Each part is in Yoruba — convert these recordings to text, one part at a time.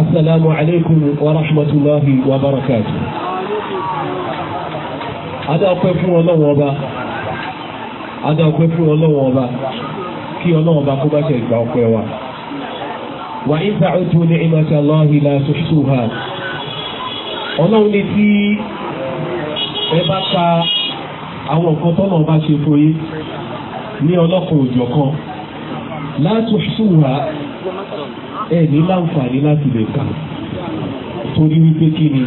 السلام عليكم ورحمة الله وبركاته adá ọpẹ́ fún ọlọ́wọ́n ọba adá ọpẹ́ fún ọlọ́wọ́n ọba gba wa. wà á ìfà ọtún ní ìmọ̀tà lọ́hìn la ha ọlọ́run ní tí ka ọba N'i ọlọ́kùnrin òjọ̀kan ẹ ní láǹfààní láti lè kà torí wípé kí ni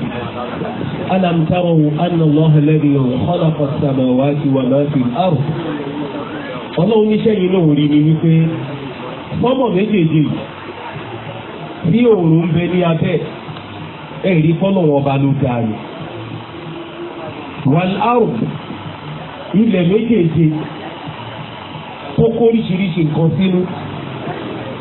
alam taraw anna allah alladhi khalaqa wa ma fi onye ard ọlọ́run níṣẹ́ yìí lòun rí ni wípé fọ́mọ̀ méjèèjì bí òòrùn ń bẹ ní abẹ́ ọba ló dáa ni wal ard ilẹ̀ méjèèjì kókó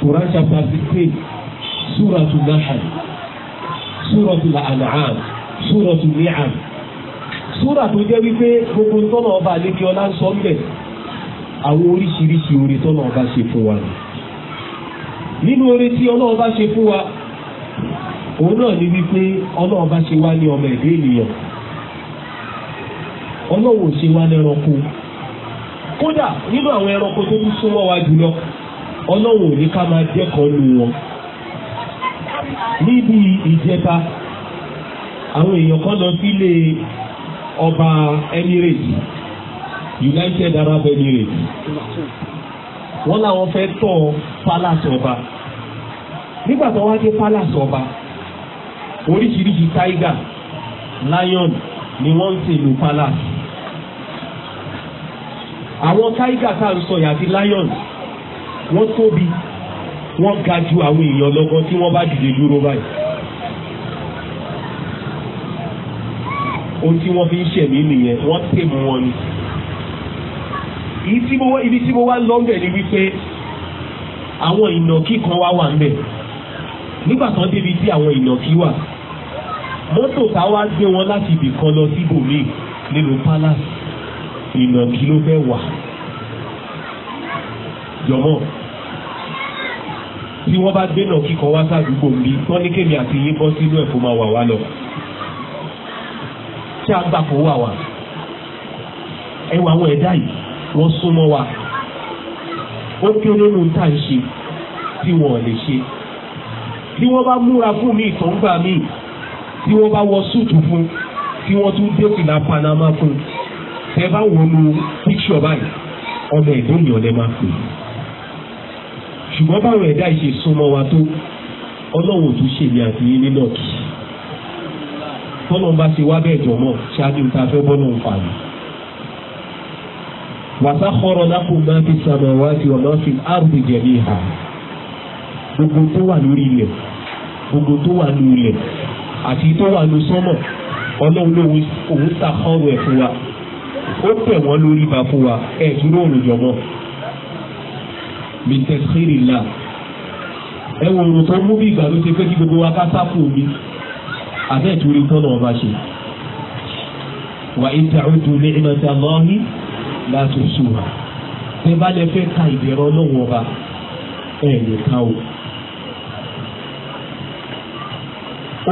Quran chapter sixteen suratul Nahl suratul An'am Ni'am sura tó jẹ́ wípé gbogbo tọ́nà ọba àlékè ọlá ń sọ mbẹ̀ àwọn oríṣiríṣi oore tọ́nà ọba ṣe fún wa nínú oore tí ọlọ́run bá ṣe fún wa òun náà ni wípé ṣe wá ní ọmọ ẹ̀dá ènìyàn ṣe wá ní ẹranko kódà nínú àwọn ẹranko tó súnmọ́ wa ọlọ́run ò ní ká máa jẹ́kọ̀ọ́ lu wọn. níbi ìjẹta àwọn èèyàn kan lọ sílé ọba Emirates United Arab Emirates wọ́n làwọn fẹ́ tọ́ palace ọba nígbà tó wá dé palace ọba oríṣiríṣi tiger lion ni wọ́n ń ṣe lu palace àwọn tiger tá à ń sọ yàtí lion wọ́n tóbi wọ́n ga ju àwọn èèyàn lọ́gán tí wọ́n bá dìde dúró báyìí. ohun tí wọ́n fi ń ṣẹ̀mí nìyẹn wọ́n tè mú wọn ni. ibi tí mo wá lọ́ńbẹ̀ ni wípé àwọn ìnàkí kan wá wà ńbẹ̀ nígbà kan débi tí àwọn ìnàkí wà mọ́tò tá wá gbé wọn láti ibì kan lọ síbòmíì nínú palace ìnàkí ló fẹ́ wà jọmọ́ tí wọ́n bá gbé náà kíkan wá sádùúgbò mi wọ́n ní kémi àti yín bọ́ sínú ẹ̀ kó máa wà wá lọ. tí a gbà kó wà wá ẹ wà àwọn ẹ̀dá yìí wọ́n súnmọ́ wa ó kéré nínú tá à ń ṣe tí wọ́n lè ṣe tí wọ́n bá múra fún mi ìtàn gbà mí tí wọ́n bá wọ súùtù fún tí wọ́n tún dé fìlà Panama fún tẹ bá wọnú píkṣọ báyìí ọmọ ẹ̀dọ́ yàn máa pè é ṣùgbọ́n báwọn ẹ̀dá ìṣe súnmọ́ wa tó ọlọ́run tún ṣèlè àti yín nínú ọ̀kì tọ́lọ́n bá ṣe wá bẹ́ẹ̀ jọ mọ́ ṣáájú ta fẹ́ bọ́ náà fà mí. wàtá kọ́rọ̀ lápò máa fi sàmà wá sí ọ̀nà fi áàrùn ìjẹ̀lẹ̀ ìhà gbogbo tó wà lórí ilẹ̀ gbogbo tó wà lórí ilẹ̀ àti tó wà lórí sọ́mọ̀ ọlọ́run ló òun sàkọ́rọ̀ ẹ̀ fún wa ó pẹ̀ wọ́n lórí ba fún wa ẹ̀ dúró òrùjọ́ min taskhirilla ẹ wo òrùn tó mú bí ìgbà ló ṣe fẹ́ kí gbogbo wa ká sáfù mi àbẹ́ ìtúrí tán náà bá ṣe. wa in ta'uddu ni'matallahi la tuhsuha tẹ bá lè fẹ́ ka ìbẹ̀rẹ̀ ọlọ́wọ́ ọba ẹ lè ka o.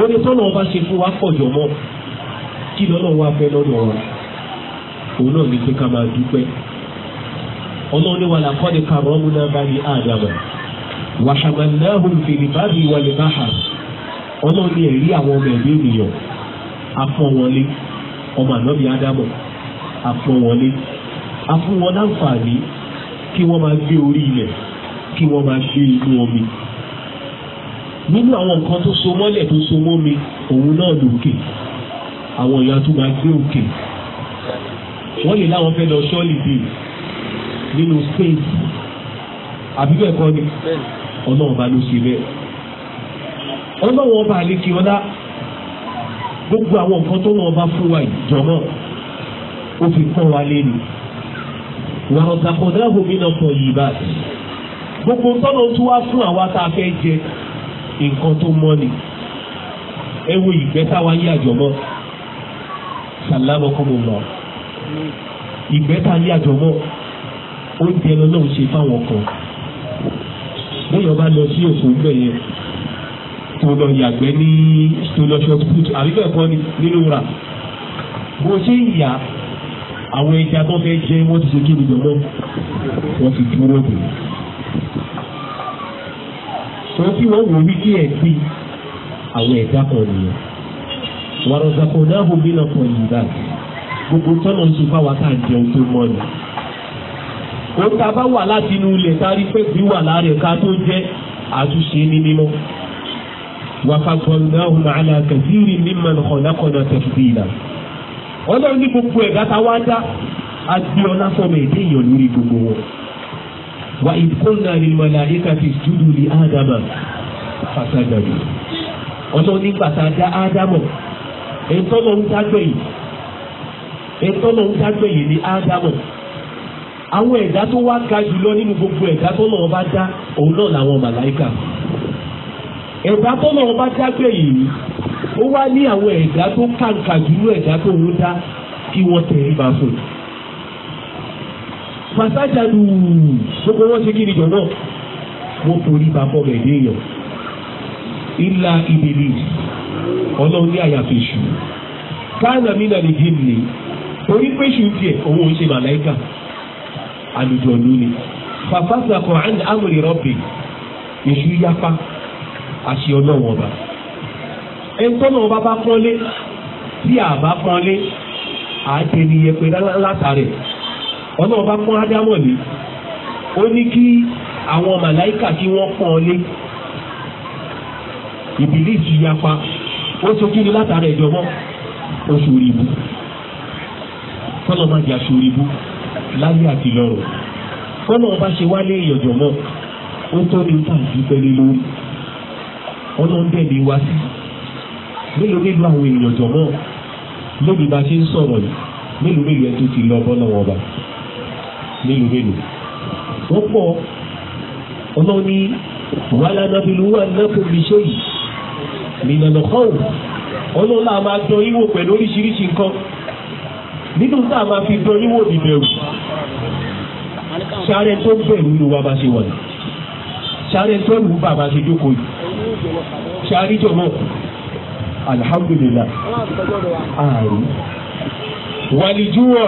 orí tán náà bá ṣe fún wa pọ̀jọ́ mọ́ kí lọ́nà wa fẹ́ lọ́dọ̀ ọ̀rọ̀ òun náà ní pé ká máa dúpẹ́ ọlọ́run ní wà lákọ́dé karọ́mù náà bá ní àdàmà wàhàmàláhùn fìlìbáàbí wà ní báhà ọlọ́run ní ẹ̀rí àwọn ọmọ ẹ̀mí ènìyàn afọwọlé ọmọ ànábì ádámọ̀ afọwọlé afọwọ́ láǹfààní kí wọ́n máa gbé orí ilẹ̀ kí wọ́n máa ṣe inú omi nínú àwọn nǹkan tó so mọ́lẹ̀ tó so mọ́ mi òun náà lòkè àwọn ìyá tó máa gbé òkè wọ́n lè láwọn fẹ́ lọ ṣọ́ọ̀lì bíi nínú space àbí bẹ́ẹ̀ kọ́ ni ọlọ́run bá ló ṣe bẹ́ẹ̀ ọlọ́run ọba àlekè ọlá gbogbo àwọn nǹkan tó wọn bá fún wa ìjọmọ ó fi kọ́ wa lé ni wà ọ̀gàkọ̀dá gómìnà kan yìí báyìí gbogbo tọ́nà tó wá fún àwa tá a fẹ́ jẹ nǹkan tó mọ́ ni ẹ wo ìgbẹ́ táwa yé àjọmọ́ sàlámọ́ kọ́ mo mọ́ ìgbẹ́ tá a yé àjọmọ́ oúnjẹ lọ náà ṣe fáwọn kan bóyá bá lọ sí òkú bẹ́ẹ̀ yẹn tó lọ yàgbẹ́ ní tó lọ ṣe put àbí bẹ́ẹ̀ kọ́ nínú rà bó ṣe ń yà àwọn ẹja tó fẹ́ jẹ wọ́n ti ṣe kí nìjọ náà wọ́n ti dúró dè wọ́n tí wọ́n wò wí kí ẹ̀ gbé àwọn ẹ̀dá kan nìyẹn wàrọ̀sàkọ̀ náà hùwí náà pọ̀ yìí báyìí gbogbo tọ́nà ń ṣe fáwọn tá à tó mọ́ ni ó ta bá wà láti inú ilẹ̀ tárí pé bí wà lára ẹ̀ka tó jẹ́ àtúnṣe ní mímọ́. wàfàgbọ̀ndáhùn àlà kẹsìrì mímọ̀ kọ̀nàkọ̀nà tẹ̀síìlà. ọlọ́run ní gbogbo ẹ̀dá ta wá dá a gbé ọ lásọmọ èdè èèyàn lórí gbogbo wọn. wà ìkóńdà ni màláíkà ti dúdú ní ádámà fàṣàgàdù. ọlọ́run nígbà tá dá ádámọ̀ ètò ọlọ́run dágbẹ̀yìn ètò ọlọ́run dágbẹ̀yìn ní ádámọ̀ àwọn ẹ̀dá tó wá ga jùlọ nínú gbogbo ẹ̀dá tó náà bá dá òun náà làwọn màláìkà ẹ̀dá tó náà bá dá gbẹ̀yìn yìí ó wá ní àwọn ẹ̀dá tó kàǹkà jùlọ ẹ̀dá tó ń dá kí wọ́n tẹríba fún un fasajadu gbogbo wọn ṣe kiri jọ̀nà wọn torí ba fọ́ ẹ̀dẹ́ èèyàn ilà ìdèlè ọlọ́run ní àyàfi èṣù káànà mí nà lè jìn ní torí pé èṣù tiẹ̀ òun ò ṣe màláìkà àlùjọ̀lú ni fàfàṣà kan àni amòrè rọ́bì èṣù yapa àṣì ọlọ́wọ́ ọba ẹnitọ́nà ọba bá pọ́nlé tí a bá pọ́nlé àti ẹni yẹpẹ látàrẹ ọ̀nà ọba pọ́n ádámọ̀lé ó ní kí àwọn màláìkà kí wọ́n pọ́nlé ìbílísì yapa ó sọ kí ni látàrẹ ìjọba oṣù rìbú tọ́nà má di aṣọ rìbú láyé àti lọ́rùn wọn náà bá ṣe wálé ìyànjọ náà ó tọ́ ní ta ìdúpẹ́ lé lórí ọlọ́run dẹ̀ ní wá sí mélòó mélòó àwọn ìyànjọ náà lóbi bá ṣe ń sọ̀rọ̀ yìí mélòó mélòó ẹ tó ti lọ bọ́ náà wọn bá mélòó mélòó wọ́n pọ̀ ọlọ́run ní wàhálà nàbìlú wà nàkó mi ṣe yìí nìlànà kọ́ọ̀ ọlọ́run náà máa dán yín wò pẹ̀lú oríṣiríṣi nǹkan nínú tá a máa fi dán yín wò sáré tó bẹ̀rù ló wá bá ṣe wọ̀nyí sáré tó lù ú bàbá ṣe jókòó yìí sáré jọ̀mọ́ alihamudulilayi ààrùn wàlíjúwà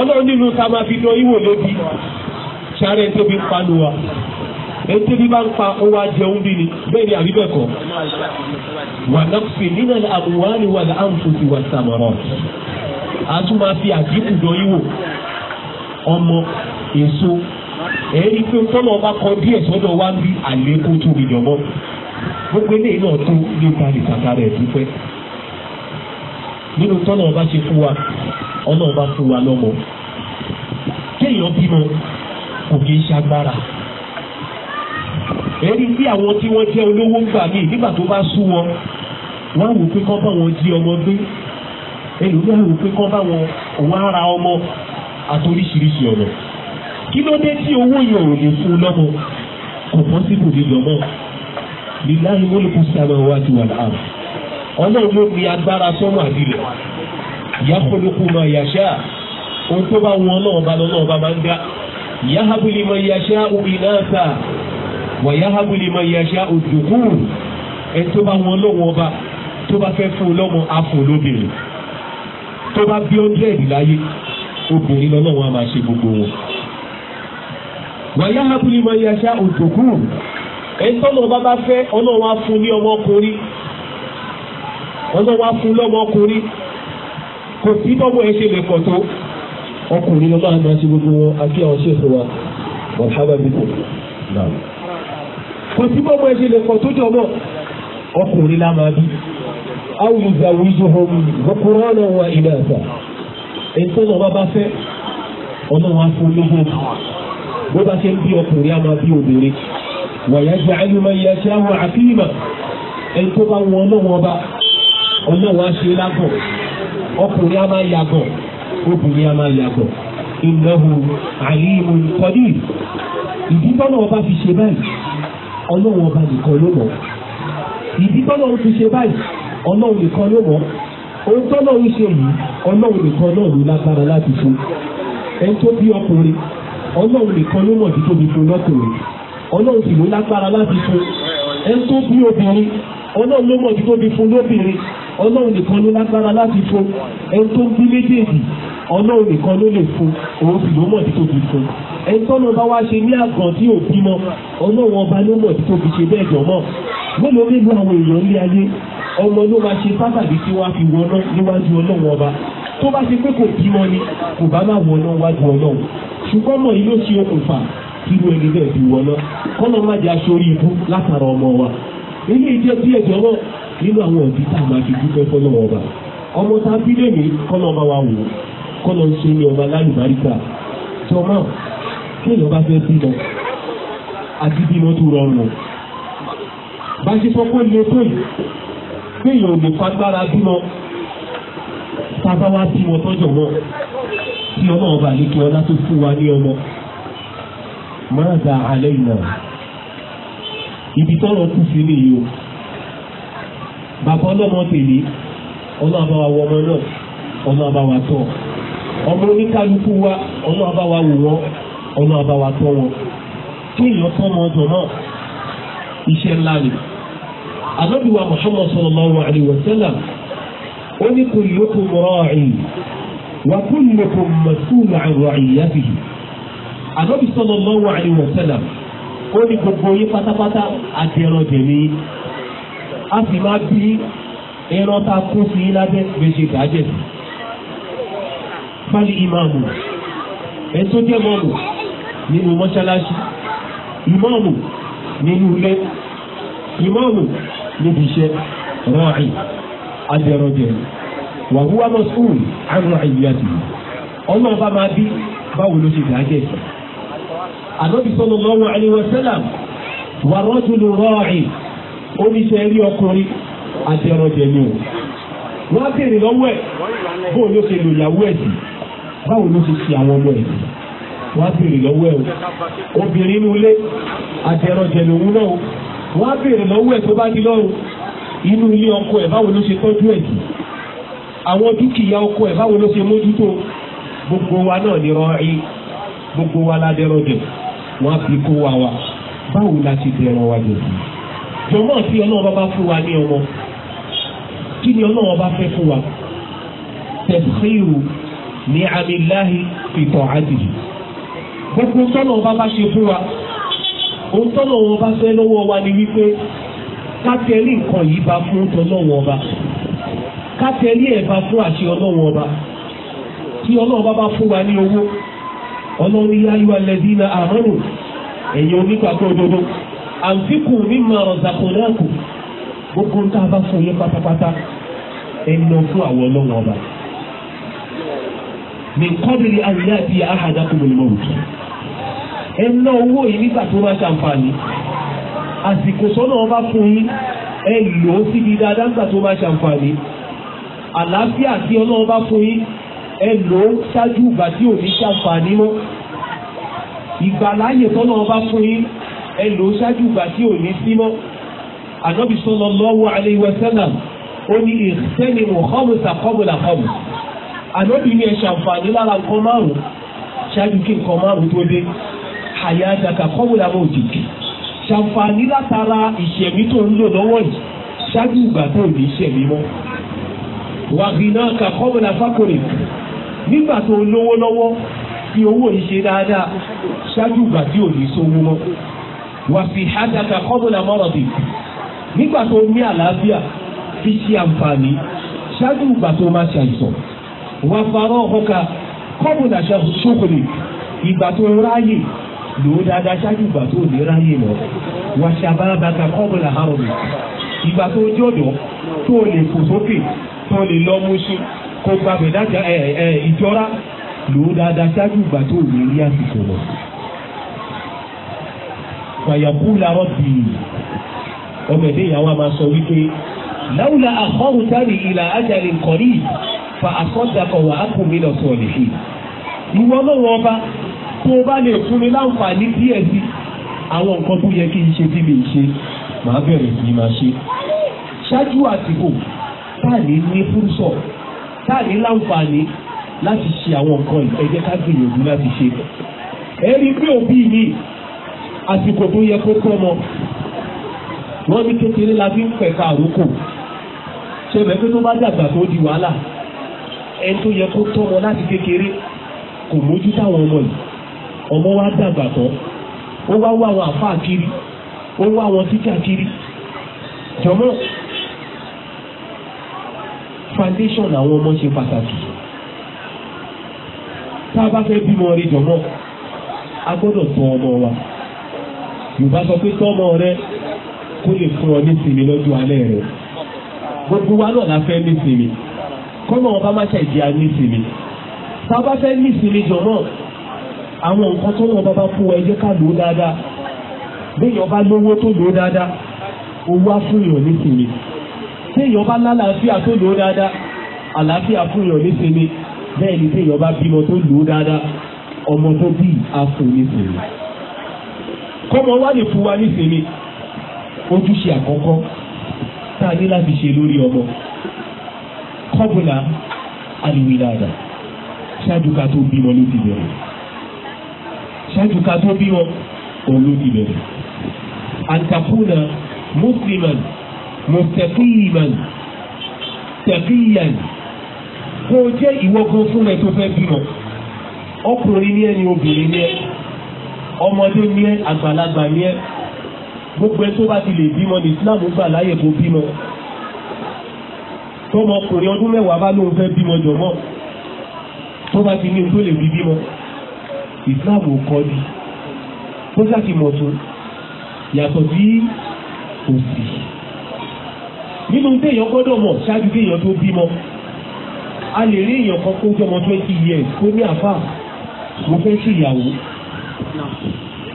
ọlọ́run nínú ta máa fi lọ ìwò lébi sáré tó fi panu wa ètò bí bá ń pa owó ajẹun bí ni bẹ́ẹ̀ ni àbí bẹ́ẹ̀ kọ́ wà nọ́ọ̀sì nínú àbúwárì wà ní àǹfòsì wà sàmọ̀rọ̀ a tún máa fi àdínkù dán yín wò ọmọ èso èyí pé tọ́lọ̀ ọba kọ díẹ̀ sọ́dọ̀ wá ní àlékún tó mi jọ̀mọ́ gbogbo eléyìí náà tó nípa ìtàkà rẹ̀ dúpẹ́ nínú tọ́lọ̀ ọba ṣe fún wa ọlọ́run fún wa lọ́mọ kéèyàn bímọ kò kí ń ṣagbára èyí bí àwọn tí wọ́n jẹ́ olówó gbà mí nígbà tó bá sú wọn wọ́n á wò pé bá wọn jí ọmọ gbé èyí wọ́n á wò pé bá wọn òun á ọmọ ọ̀nà. kí ló dé tí owó yẹn ò lè fún lọ́mọ kò pọ́sibù níjọ mọ́ lílàyé mọ́lùkù sábà wá ti wà láàmú ọlọ́run ló ní agbára sọ́mọ́ àdìlẹ̀ yàkọ́lùkù máa yàṣá ohun tó bá wọn náà bá lọ́nà ọba máa ń dá yahabuli ma yàṣá ìnáta wà yahabuli ma yàṣá òdùkú ẹ̀ tó bá wọn lọ́wọ́ ọba tó bá fẹ́ fún lọ́mọ afọ lóbìnrin tó bá bí ọ́ndẹ́ẹ̀dì láyé obìnrin lọ́lọ́wọ́ á máa ṣe gbogbo wọn wàyà hábùlì máa yà ṣá òjòkú ẹ̀ńtọ́nà bá bá fẹ́ ọlọ́run á fún ní ọmọkùnrin ọlọ́run á fún lọ́mọkùnrin kò sí bọ́mọ ẹ ṣe lè pọ̀ tó ọkùnrin ló máa ń rántí gbogbo wọn àti àwọn ṣèṣe wa ọ̀hábà bíbọ̀ kò sí bọ́mọ ẹ ṣe lè pọ̀ tó jọmọ́ ọkùnrin lá máa bí awùzàwùzùhùn ọkùnrin ọ̀nà wa ìlà àṣà ẹ̀ńtọ́nà bá bá fẹ́ ọlọ́run á lọ́mọkùnrin bó bá ṣe ń bí ọkùnrin á máa bí obìnrin wàyà jẹ ayélujára yẹ ṣe àwọn àkíyìmà ẹni tó bá wọn ọlọ́wọ́n ọba ọlọ́wọ́n á ṣe lágàn ọkùnrin á máa yàgàn obìnrin á máa ìnáwó àyíwò ìkọ́lé ìdí tọ́nà ọba fi ṣe báyìí ọlọ́wọ́n ọba nìkan ló mọ̀ ìdí tọ́nà ọba fi ṣe báyìí ọlọ́wọ́n nìkan ló mọ̀ ohun tọ́nà ń ṣe yìí ọlọ́wọ́n nìkan náà ló lágbára láti fún ẹni tó bí ọkùnrin ọlọ́run nìkan ló mọ̀ ju tóbi fún lọ́kùnrin ọlọ́run sì ló lágbára láti fún ẹni tó bí obìnrin ọlọ́run ló mọ̀ ju tóbi fún lóbìnrin ọlọ́run nìkan ló lágbára láti fún ẹni tó bí méjèèjì ọlọ́run nìkan ló lè fún òun sì ló mọ̀ ju tóbi fún ẹni tọ́nà bá wá ṣe ní àgàn tí ò bímọ ọlọ́run ọba ló mọ̀ ju tóbi ṣe bẹ́ẹ̀ jọ̀mọ́ mélòó mélòó àwọn èèyàn ń lé ayé ọmọ ló máa ṣe pàtàkì tí wọ́n á fi wọná níwájú ọlọ́run ọba tó bá ṣe pé kò bímọ ni kò bá má wọ náà wájú ọlọ́run ṣùgbọ́n mọ̀ yìí ló ṣe okùnfà irú ẹni bẹ́ẹ̀ fi wọ́n náà kọ́nà má jẹ́ aṣọ orí ibú látara ọmọ wa eléyìí jẹ́ bí ẹ̀jọ̀ náà nínú àwọn òbí tá a máa fi dúpẹ́ fọlọ́wọ́ ọba ọmọ tá a bí lèmi kọ́nà ọba wa wò kọ́nà ń ṣe ní ọba lálùbáríkà jọmọ́ kéèyàn bá fẹ́ bímọ àti bímọ tó rọrùn bá ṣe sọ pé lè tó yìí kéèyàn ò lè fagbára bímọ sábà wá bí wọn tọ́jọ̀ wọn tí ọmọ ọba àlekè ọlá tó fún wa ní ọmọ mọ́nàdà alẹ́ ìnà ibi tọ́rọ̀ kù sí nìyí o bàbá ọlọ́mọ tèlé ọlọ́ọ̀bá wa wọ ọmọ náà ọlọ́ọ̀bá wa tọ́ ọmọ oníkálukú wa ọlọ́ọ̀bá wa wò wọ́n ọlọ́ọ̀bá wa tọ́ wọn kí èèyàn tọ́ ọmọ ọdún náà iṣẹ́ ńlá ni. àdọ́bí wa Muhammad sallallahu alaihi wa sallam ó ní kullukum ra'in wa kullukum mas'ulun 'an ra'iyyatihi ànábì sallallahu alaihi wa sallam ó ní gbogbo yín pátápátá àti ẹran jẹ̀mí a sì máa bí ẹran ta kó sí yín lábẹ́ gbèsè dájẹ́ sí fali ìmáàmù ẹ̀ tó jẹ́ mọ́mù nínú mọ́ṣáláṣí ìmáàmù nínú ilé ìmáàmù níbi iṣẹ́ rọ́ọ̀rì. alẹ́rọ̀jẹ̀ wàhùwà mọ̀sùn àrùn àyíyàtì ọlọ́ọ̀bá máa bí báwo ló ṣe dájẹ́ ànábì sallallahu alaihi wasallam wà rọ́jùlù rọ́ọ̀rì oníṣẹ́ rí ọkùnrin àtẹrọ̀jẹ̀ o wọ́n á béèrè lọ́wọ́ ẹ̀ bó ló ṣe lò ìyàwó ẹ̀ sí báwo ló ṣe ṣe àwọn ọmọ ẹ̀ sí wọ́n á lọ́wọ́ ẹ̀ o obìnrin inú ilé náà wọ́n á lọ́wọ́ ẹ̀ tó inú ilé ọkọ ẹ̀ báwo ló ṣe tọ́jú ẹ̀ sí àwọn dúkìá ọkọ ẹ̀ báwo ló ṣe mójútó gbogbo wa náà ní rọrí gbogbo wa ládẹ́rọ̀dẹ̀ wọn á fi kó wa wa báwo la ti dẹ̀rọ̀ wa jẹ̀ sí. jọ̀mọ́ tí ọlọ́run bá fún wa ní ọmọ kí ni ọlọ́run bá fẹ́ fún wa tẹ̀síìrù ní amíláhi fìtọ̀ àdìyí gbogbo tọ́lọ̀ bá bá ṣe fún wa òun tọ́lọ̀ wọn bá fẹ́ lọ́wọ́ wa ni wípé kátẹ́rì nǹkan yìí bá fún tọ́lọ́wọ́ ọba kátẹ́rì ẹ̀ bá fún àṣẹ ọlọ́wọ́ ọba tí ọlọ́wọ́ bá bá fún wa ní owó ọlọ́run yá yọ alẹ́bí na àárọ̀ ẹ̀yìn onígbàgbọ́ òdodo àǹfíkù gbogbo bá fún ọba mi ná owó yìí nígbà tó bá àsìkò tọ́nà ọba fún yín ẹ lò ó síbi dáadáa nígbà tó bá ṣàǹfààní àlàáfíà tí ọlọ́run bá fún yín ẹ lò ó ṣáájú ìgbà tí ò ní ṣàǹfààní mọ́ ìgbàláyè tọ́lọ́run bá fún yín ẹ lò ó ṣáájú ìgbà tí ò ní sí mọ́ ànábì sallallahu alayhi wa sallam ó ní ìsẹ́ni mọ̀kọ́mù sàkọ́mùlà kọ́mù ànábì ní ẹ ṣàǹfààní lára nǹkan márùn ṣáájú kí nǹkan márùn tó dé àyà àdàkà kọ́mùlà mọ́ òjìjì ṣàǹfààní látara ìṣẹ̀mí tó ń lò lọ́wọ́ yìí ṣáájú ìgbà tó ní ìṣẹ̀mí mọ́. wàhíná kàkọ́mọ̀lá fákòrè nígbà tó lówó lọ́wọ́ fi owó yìí ṣe dáadáa ṣáájú ìgbà tí ò ní sówó mọ́. wàfi hádàkà kọ́mọ̀lá mọ́rọ̀dì nígbà tó ní àlàáfíà fi ṣe àǹfààní ṣáájú ìgbà tó máa ṣàìsàn. wàfarọ́ ọ̀kọ́ka kọ́mọ̀lá ṣokòlè ìgbà tó ráyè lòó dáadáa ṣáájú ìgbà tó ní ráyè lọ wàṣàbá bàtà kọ́mọlà àrùn ìgbà tó jọ̀dọ̀ tó lè fò sókè tó lè lọ mú sí kó gbàgbẹ́ dájà ẹ ẹ ìjọra lòó dáadáa ṣáájú ìgbà tó ní rí àsìkò lọ. fàyàkú làwọn bì í ọmọ ẹ̀dẹ́ ìyàwó a máa sọ wípé láwùlà àkọ́rù tàbí ìlà ajalè kọ́rí fa àkọ́dàkọ̀ wà á kò mí lọ sọ̀rọ̀ tó o bá lè fún mi láǹfààní díẹ̀ sí àwọn nǹkan tó yẹ kí n ṣe bí mi ṣe màá bẹ̀rẹ̀ sí máa ṣe. ṣáájú àsìkò táàní ní fúrúsọ̀ táàní láǹfààní láti ṣe àwọn nǹkan ẹ jẹ́ ká gbìyànjú láti ṣe. ẹ rí i pé òbí mi àsìkò tó yẹ kó tọ́ mọ wọ́n ní kékeré la fi ń pẹ̀ka àrókò ṣe bẹ́ẹ̀ pé tó bá dàgbà tó di wàhálà ẹni tó yẹ kó tọ́ mọ láti kékeré kò mójú táwọn ọmọ yìí ọmọ wa dàgbà tán ó wá wá àwọn àfáà kiri ó wá àwọn títà kiri jọmọ foundation àwọn ọmọ ṣe pàtàkì tá a bá fẹ́ bímọ rí jọmọ a gbọ́dọ̀ tọ ọmọ wa yorùbá sọ pé tọ́mọ rẹ kó lè fún ọ nísìnyí lọ́jọ́ alẹ́ rẹ gbogbo wa náà la fẹ́ nísìnyí kọ́mọ ọba má ṣàìdí a nísìnyí tá a bá fẹ́ nísìnyí jọmọ. àwọn nǹkan tó wọn bá fún wa ẹ jẹ́ ká lò ó dáadáa béèyàn bá lówó tó lò ó dáadáa owó á fún yàn nísìnyí béèyàn bá lálàáfíà tó lò ó dáadáa àlàáfíà fún yàn nísìnyí bẹ́ẹ̀ ni béèyàn bá bímọ tó lò ó dáadáa ọmọ tó bí á fún nísìnyí kọ́mọ wá lè fún wa nísìnyí ojúṣe àkọ́kọ́ tá a ní láti ṣe lórí ọmọ kọ́bùnà àlùwìlà àdà ṣáájú ká tó bímọ ló ti bẹ̀rẹ̀ ṣáájú ká tó bí wọn òun ló dìbẹ̀ rẹ̀ àtàkùnà mùsùlùmán mùtẹ̀kìyìmán tẹ̀kìyàn kó o jẹ́ ìwọ gan fún ẹ tó fẹ́ bímọ ọkùnrin ni ẹ ni obìnrin ni ẹ ọmọdé ni ẹ àgbàlagbà ni ẹ gbogbo ẹ tó bá ti lè bímọ ní Islam gbà láyè kó bímọ tọmọkùnrin ọdún mẹ́wàá bá lóun fẹ́ bímọ jọ̀mọ́ tó bá ti ní ohun tó lè fi bímọ islam ò kọ́ ni ó ṣàti mọ̀ tó yàtọ̀ sí òsì nínú téèyàn gbọ́dọ̀ mọ̀ ṣáájú kéèyàn tó bímọ a lè rí èèyàn kan kó jọmọ twenty years kó ní àfà mo fẹ́ ṣe ìyàwó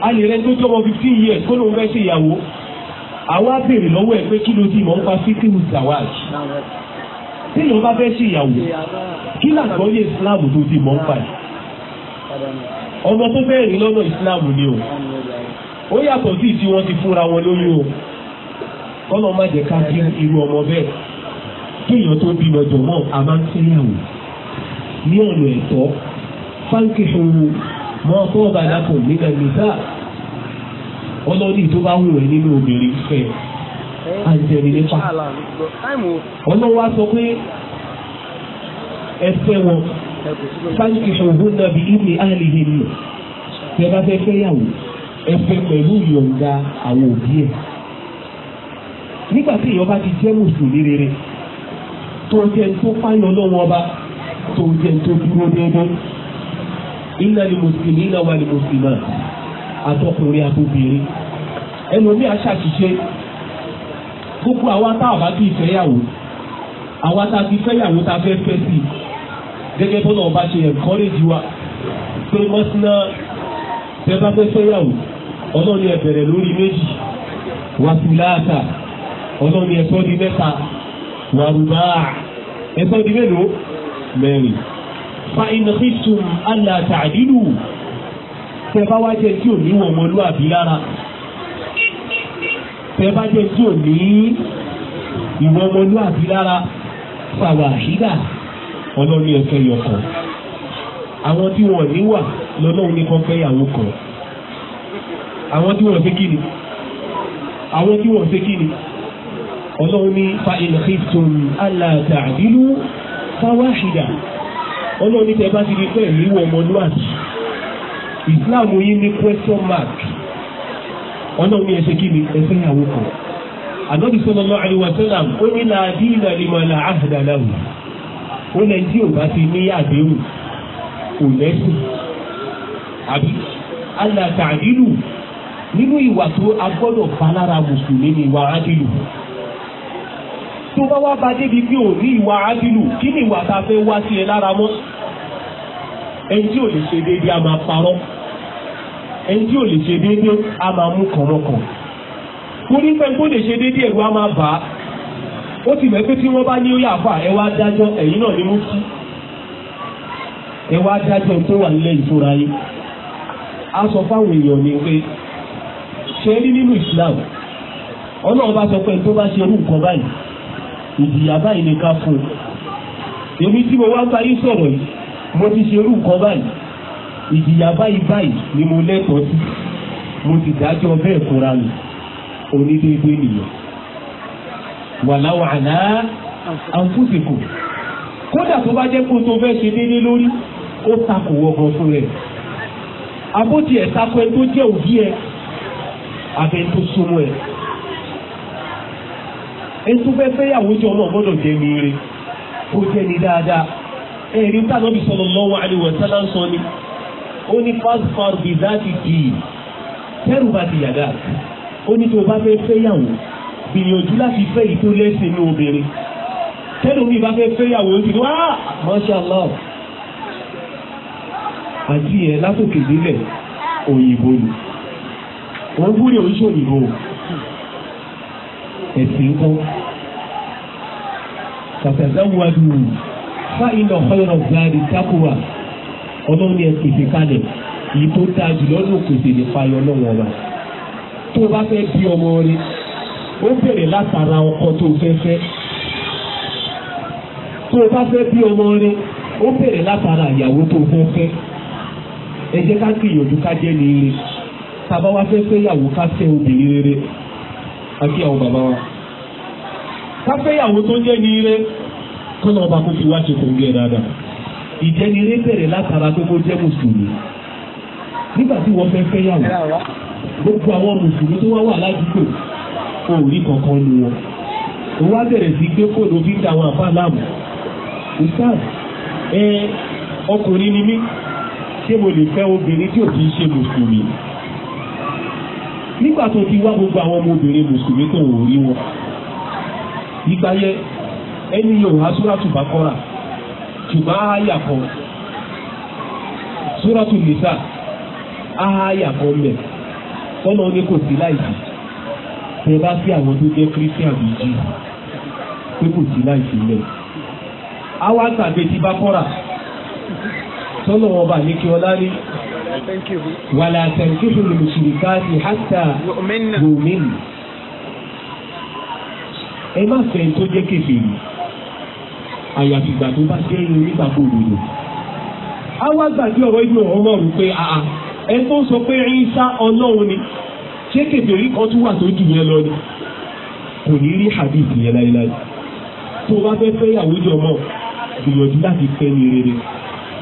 a lè rẹ́ni tó jọmọ fifteen years kó lóun fẹ́ ṣe ìyàwó àwa béèrè lọ́wọ́ ẹ̀ pé kí ló ti mọ̀ ń pa fíkìrù zawaj téèyàn bá fẹ́ ṣe ìyàwó kí làgbọ́yé islam tó ti mọ̀ ń pa yìí ọmọ tó fẹ́ rí lọ́nà ìsìláàmù ni o ó yàtọ̀ sí tí wọ́n ti fúnra wọn lóyún o kọ́nà má jẹ́ ká bí irú ọmọ bẹ́ẹ̀ kéèyàn tó bí lọ́jọ́ náà a máa ń fẹ́yàwó ní ọ̀nà ẹ̀tọ́ fáńkì ṣòro mọ́ fún ọba àdàpọ̀ nígbà gbèsà ọlọ́ọ̀dì tó bá wù ẹ́ nínú obìnrin fẹ́ àjẹrì nípa ọlọ́wọ́ á sọ pé ẹ fẹ́ wọn fáńkì ṣòwò náà bí ìdí àlìyé mi tẹ bá fẹ́ fẹ́ yàwó ẹ fẹ́ pẹ̀lú ìyọ̀ǹda àwọn òbí ẹ̀ nígbà tí èèyàn bá ti jẹ́ mùsùlùmí rere tó jẹ́ tó fáyọ̀ lọ́wọ́ ọba tó jẹ́ tó dúró déédéé iná ni mùsùlùmí iná wa ni mùsùlùmá àtọkùnrin àtobìnrin ẹlòmíà ṣàṣìṣe gbogbo àwa tá a bá ti fẹ́yàwó àwa tá a ti fẹ́yàwó tá a fẹ́ fẹ́ sí i gẹ́gẹ́ bọ́nà ọba ṣe encourage wa pé mọ́sánná tẹ bá fẹ́ fẹ́yàwó ọlọ́run ni ẹ bẹ̀rẹ̀ lórí méjì wàsíláàtà ọlọ́run ni ẹ sọ di mẹ́ta wàrúbá ẹ sọ di mélòó mẹ́rin fa ìnàkìtùm alàtàdínù tẹ bá wá jẹ tí ò ní wọn ọmọlúwàbí lára tẹ bá jẹ tí ò ní ìwọ ọmọlúwàbí lára fàwàhídà ọlọ́run yẹn fẹ́ yọ kan àwọn tí wọ́n níwà lọ́lọ́run ní kan fẹ́ yàwó kan àwọn tí wọ́n ṣe kí ni àwọn tí wọ́n ṣe kí ni ọlọ́run ní fa ìlẹ̀kìtùn aláàtàdínú fáwáṣìdà ọlọ́run ní tẹ́ bá ti di pẹ́ níwọ̀ ọmọlúwàbí Islam yìí ní question mark ọlọ́run ní ẹ ṣe kí ni ẹ fẹ́ yàwó kan àdókìsọ́lọ́lọ́ àríwá sẹ́làm ó ní làdí ìlàlímọ̀ làáhàdà láwùjọ ó lẹ tí ò bá ti ní àdéhùn kò lẹ́sìn àbí aláta àdínù nínú ìwà tó a gbọ́dọ̀ mùsùlùmí ni ìwà àdínù tó bá wá bá débi bí ò ní ìwà àdínù kí ni ìwà ta fẹ́ wá sí ẹ lára mọ́ ẹni tí ò lè ṣe déédéé a máa parọ́ ẹni tí ò lè ṣe déédéé a máa mú kànrọ̀kàn mo ní pẹ́ lè ṣe déédéé ẹ̀rù a máa bà ó ti mọ̀ pé tí wọ́n bá ní ó yàgbà ẹ wá dájọ́ ẹ̀yin náà ni mo kú ẹ wá dájọ́ tó wà nílẹ̀ ìfúra yín a sọ fáwọn èèyàn ni pé ṣe rí nínú Islam ọlọ́run bá sọ pé tó bá ṣe irú nǹkan báyìí ìjìyà báyìí ni ká fún un èmi tí mo wá bá yín sọ̀rọ̀ yìí mo ti ṣe irú nǹkan báyìí ìjìyà báyìí báyìí ni mo lẹ́tọ̀ọ́ sí mo ti dájọ́ bẹ́ẹ̀ fúnra mi onídéédé nìyẹn wàláwà àná àǹfùsìkò kódà tó bá jẹ́ kó tó fẹ́ ṣe déédéé lórí ó takò wọgbọ́n fún rẹ̀ abóti ẹ̀ takò ẹ tó jẹ́ òbí ẹ abẹ́ tó súnmọ́ ẹ ẹ tó fẹ́ fẹ́yàwó jọ náà gbọ́dọ̀ jẹ́ mi rẹ kó jẹ́ ni dáadáa ẹ̀rí tàbí sallallahu alaihi wa sallam sọ ni ó ní fásfàr bìzáàtì dì í tẹ́rù bá ti yàgà ó ní tó bá fẹ́ fẹ́yàwó gbìyànjú láti fẹ́ èyí tó lẹ́sìn ní obìnrin tẹ́lómi bá fẹ́ fẹ́yàwó ó ti wá mọ́ṣáláà àti ẹ̀ látòkè nílẹ̀ òyìnbó ni wọ́n fúnni oríṣi òyìnbó ẹ̀sìn kan fàtàzáwádù fáìnà ọ̀hẹ́rọ̀ gbáàdì tákùwà ọlọ́run ẹ̀ pèsè kalẹ̀ èyí tó dáa jùlọ ló pèsè nípa ayọ̀ ọlọ́run ọba tó o bá fẹ́ bí ọmọ rẹ. ó bẹ̀rẹ̀ látara ọkọ tó fẹ́ fẹ́ tó o bá fẹ́ bí ọmọ rẹ ó bẹ̀rẹ̀ látara ìyàwó tó fẹ́ fẹ́ ẹ jẹ́ ká gbìyànjú ká jẹ́ ní ire tàbá wa fẹ́ fẹ́ ká fẹ́ wa ká fẹ́ tó jẹ́ ní ire kọ́nà ọba kó fi wá ṣe kò ń dáadáa bẹ̀rẹ̀ látara pé kó jẹ́ mùsùlùmí nígbà tí wọ́n fẹ́ fẹ́ gbogbo àwọn mùsùlùmí tó wá wà wọn ò rí kankan nu wọn òun wá bẹ̀rẹ̀ sí gbé fóònù fi ń da àwọn àfa láàmú ìsáàf ẹ ọkùnrin ni mí ṣé mo lè fẹ́ obìnrin tí ò ti ṣe mùsùlùmí nígbà tó ti wá gbogbo àwọn ọmọbìnrin mùsùlùmí tó ń rí wọn ìgbà yẹn ẹni yóò há súrátù bá kọ́ra ṣùgbọ́n ááyà kan súrátù nìsà ááyà kan mẹ́ tọ́nà ó láìsí tẹ bá sí àwọn tó jẹ́ christian méjì pé kò sí láì sílẹ̀ àwa tàbí ti bá kọ́ra sọ́nà wọn bá ní kí ọlá ní wàlá tẹ̀síkì lùmùsùlùmí hàtà gbòmìn ẹ má fẹ́ tó jẹ́ kèfèrí àyàfi ìgbà tó bá jẹ́ irun nígbà gbòòrò àwa gbàgbé ọ̀rọ̀ ìgbìmọ̀ ọmọ rù pé ẹ tó sọ pé ẹ ń sá ọlọ́run ni ṣé kèfèrí kan tún wà tó jù yẹn lọ ni kò ní rí hadith yẹn láéláé tó o bá fẹ́ fẹ́ yàwó jọ mọ́ gbìyànjú láti fẹ́ ní rere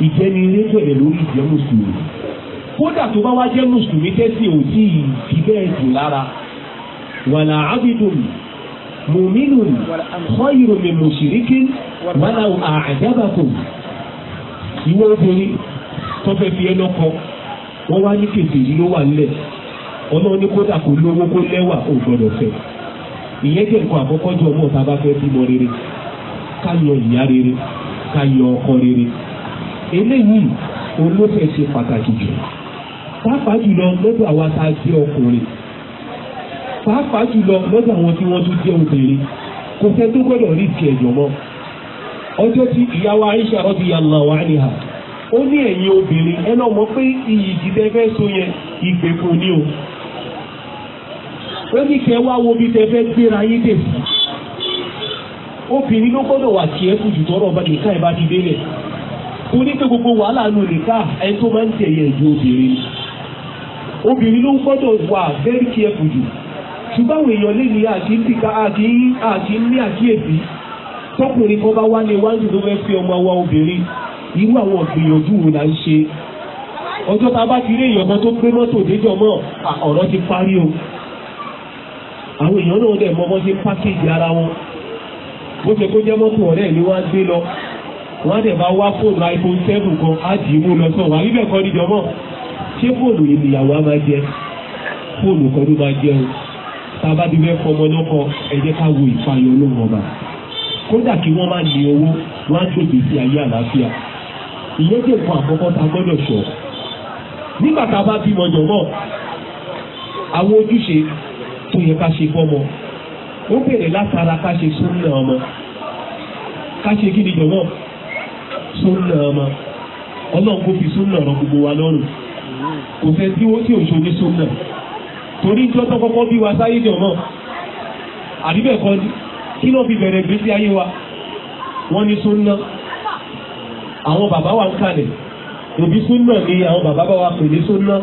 ìjẹni rẹ́gbẹ̀rẹ̀ lórí ìjẹ́ mùsùlùmí kódà tó bá wá jẹ́ mùsùlùmí tẹ́sí ò tí ì fi bẹ́ẹ̀ dùn lára wàlà ábídùn mùmínùn khayrun min mushrikin wàlà àjábàkùn ìwọ obìnrin tó fẹ́ fi ẹ lọ́kọ wọ́n wá ní kèfèrí ló wà nílẹ̀ ọ̀nà ní kódà kó lówó kó lẹ́wà kó gbọ́dọ̀ fẹ́ ìyẹn jẹ́ nǹkan àkọ́kọ́ jọ ọmọ tá fẹ́ bímọ rere ká ìyá rere ká ọkọ rere eléyìí olóṣèlú ṣe pàtàkì jù pàápàá jùlọ lọ́dọ̀ àwa tá a jẹ́ ọkùnrin pàápàá jùlọ lọ́dọ̀ àwọn tí wọ́n tún jẹ́ obìnrin kò fẹ́ tó gbọ́dọ̀ rí mọ́ ọjọ́ tí Aisha ó ní ẹ̀yin obìnrin ẹ náà mọ̀ pé so yẹn ìgbèkùn ni o. ó ní kẹ́ wá wo bí tẹ́ fẹ́ gbéra yín dè obìnrin ló gbọ́dọ̀ wà kí ẹ kù jù tọ́rọ̀ ọba nìka ẹ̀ bá ti délẹ̀ ó ní pé gbogbo wàhálà nù nìka ẹ tó máa ń tẹ̀yẹ ẹ̀jẹ̀ obìnrin obìnrin ló gbọ́dọ̀ wà very careful jù ṣùgbọ́n àwọn èèyàn lè ní àti níka àti àti ní àkíyèsí tọkùnrin kan bá wá ní wáńdì tó fẹ́ fi ọmọ wa obìnrin irú àwọn ìgbìyànjú wo là ń ṣe ọjọ́ tá a bá ti rí èèyàn kan tó gbé mọ́tò déjọ́ mọ́ ọ̀rọ̀ ti parí o àwọn èèyàn náà dẹ̀ mọ́ bọ́ sí pákéjì ara wọn bó ṣe kó jẹ́ mọ́tò ọ̀rẹ́ ni wọ́n á gbé lọ wọ́n á dẹ̀ bá wá fóònù iphone seven kan á dì í mú lọ sàn wà níbẹ̀ kọ́ níjọ mọ́ ṣé fóònù yìí nìyàwó á máa jẹ fóònù kan ló máa jẹ o tá a bá ti fẹ́ fọmọ lọ́kọ ẹ jẹ́ ká wo ìfàyọ olóhùn ọba kódà kí wọ́n má ní owó wọ́n á tòbi sí ayé àlàáfíà ìyẹn jẹ́ nǹkan àkọ́kọ́ tá a gbọ́dọ̀ sọ nígbà tá a bá bímọ jọ̀mọ́ àwọn ojúṣe tó yẹ ká ṣe fọ́mọ ó bẹ̀rẹ̀ látara ká ṣe súnà ọmọ ká ṣe kí ni jọ̀mọ́ súnà ọmọ ọlọ́run kò fi súnà rọ gbogbo wa lọ́rùn kò fẹ́ tí ó tí ò ṣe ní súnà torí jọ́tọ́ kọ́kọ́ bí wa sáyé jọ̀mọ́ àbíbẹ̀kọ́ ni kí ló fi bẹ̀rẹ̀ gbèsè ayé wa wọ́n ní súnà àwọn bàbá wa ń kalẹ̀ òbí súnà ni àwọn bàbá wa pè ní súnà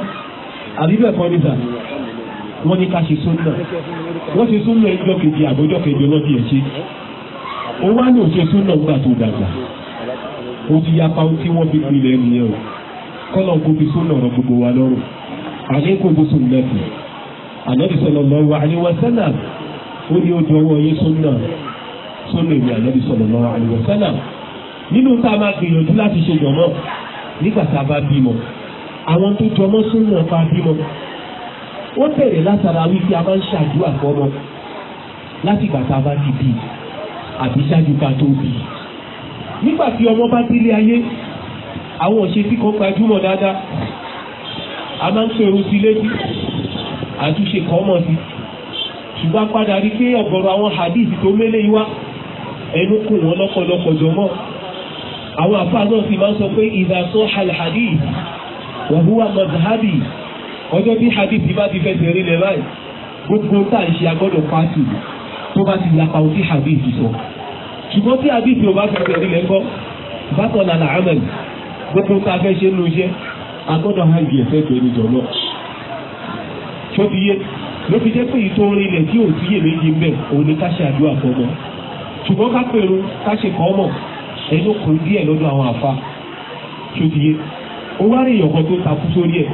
àbíbẹ̀kọ́ ni sà wọ́n ní ká ṣe súnà wọ́n ṣe súnà ẹjọ́ kejì àbójọ́ kejì náà bí ẹ ṣe ó wá ní òṣè súnà gbà tó dàgbà ó ti yapa tí wọ́n fi pilẹ̀ nìyẹn o kọ́lọ̀ kó fi súnà ọ̀rọ̀ gbogbo wa lọ́rùn àlékún bó sùn lẹ́kù ànábì sallallahu alaihi wasallam ó ní ojú ọwọ́ yín súnà súnà ìwé ànábì sallallahu alaihi wasallam nínú tá a máa gbìyànjú láti ṣe jọmọ nígbà tá a bá bímọ àwọn tó jọmọ súnà pa bímọ ó bẹ̀rẹ̀ látara wípé a máa ń ṣàdúrà fọ́mọ láti ìgbà tá a bá ti bí àbí ṣáájú ká tó bí nígbà tí ọmọ bá délé ayé àwọn ọ̀ṣẹ́ tí kan gbajúmọ̀ dáadáa a máa ń pèrò sí létí àtúnṣe kan mọ̀ sí ṣùgbọ́n padà rí pé ọ̀gọ̀rọ̀ àwọn hadith tó mélé wá ẹnu kù wọn lọ́pọ̀lọpọ̀ jọmọ́ àwọn àfáà náà sì máa ń sọ pé ìdásọ́ al hadith wa ọjọ́ bí hadith bá ti fẹsẹ̀ rí lẹ̀ báyìí gbogbo tá à ń ṣe agbọ́dọ̀ pàṣẹ tó bá ti yapa o tí hadith sọ ṣùgbọ́n tí hadith yóò bá fẹsẹ̀ rí lẹ̀ ńkọ́ bákan náà làámẹ̀ gbogbo tá a fẹ́ ṣe ń lo iṣẹ́ agbọ́dọ̀ ha ìdí ẹ̀fẹ́ gbẹ̀rù jọ̀lọ́ tó ti yé ló fi jẹ́ pé ìtòrin ilẹ̀ tí ò tíye méjì ń bẹ̀ òun ni ká ṣe àdúrà fọmọ ṣùgbọ́n ká pèrò ká ṣe kọ́ mọ̀ ẹnu kò díẹ̀ tó takú sórí ẹ̀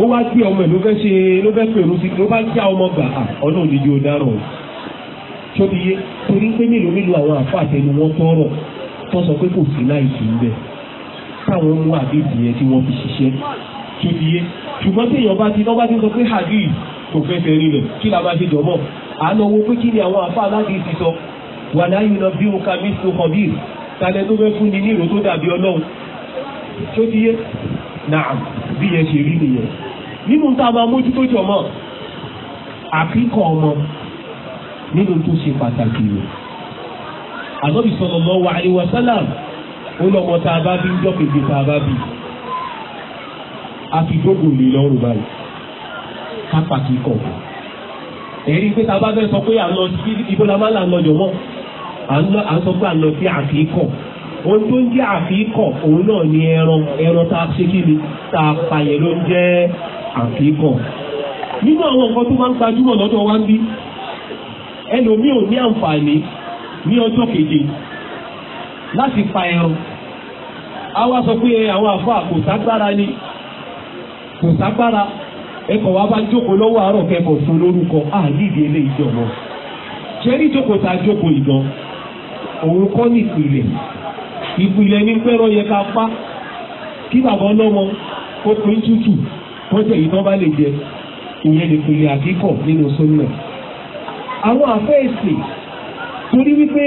ó wá gbé ọmọ ẹ̀ ló fẹ́ ṣe ló fẹ́ pèrú sí ló bá já ọmọ gbà ọlọ́run ní yóò dáràn sóbi yé torí pé mélòó mélòó àwọn àfọ àtẹnu wọn tọrọ tó sọ pé kò sí láìsí ń bẹ táwọn mú àdéhùn yẹn tí wọ́n fi ṣiṣẹ́ sóbi yé ṣùgbọ́n tí èèyàn bá ti lọ́ba ti sọ pé hadith kò fẹsẹ̀ rinlẹ̀ kí la bá ṣe jọ̀mọ́ àná owó pé kí ni àwọn àfọ aládìí ti sọ wà láyé lọ bí òun kàmí tó kọ bí talẹ tó fẹ́ fún ni ní ìró tó dàbí ọlọ́run sóbi yé bí yẹn ṣe rí nìyẹn nínú tá a máa mójútó jọmọ àkíkọ ọmọ nínú tó ṣe pàtàkì rẹ ànábì sallallahu alaihi wasallam ó lọmọ tá a bá bí jọ kejì tá a bá bí a fi dógò lè lọrùn báyìí ká pàkíkọ ọmọ èyí pé tá a bá fẹ́ sọ pé à ń lọ sí ibo la máa ń là ń lọ jọmọ à ń sọ pé à ń lọ sí àkíkọ ohun tó ń jẹ́ àfikọ̀ òun náà ni ẹran ẹran tá a ṣe kí ni tá a pààyàn ló ń jẹ́ àfikàn nínú àwọn nǹkan tó máa ń gbajúmọ̀ lọ́dọ̀ wa ń bí ẹlòmíì ò ní àǹfààní ní ọjọ́ keje láti pa ẹran a wá sọ pé àwọn àfa kò ságbára ni kò ságbára ẹkọ̀ wa bá jókòó lọ́wọ́ àárọ̀ kẹfọ̀ fún lórúkọ eléyìí jọ̀mọ́ jókòó ta jókòó òun kọ́ ní pẹ́rọ yẹ ká pa kí bàbá ọlọ́mọ tútù kọ́jẹ́ yìí tán bá lè jẹ ìyẹn nìpìlẹ̀ àkíkọ̀ nínú sunna. àwọn àfẹ́ẹ̀sì torí wípé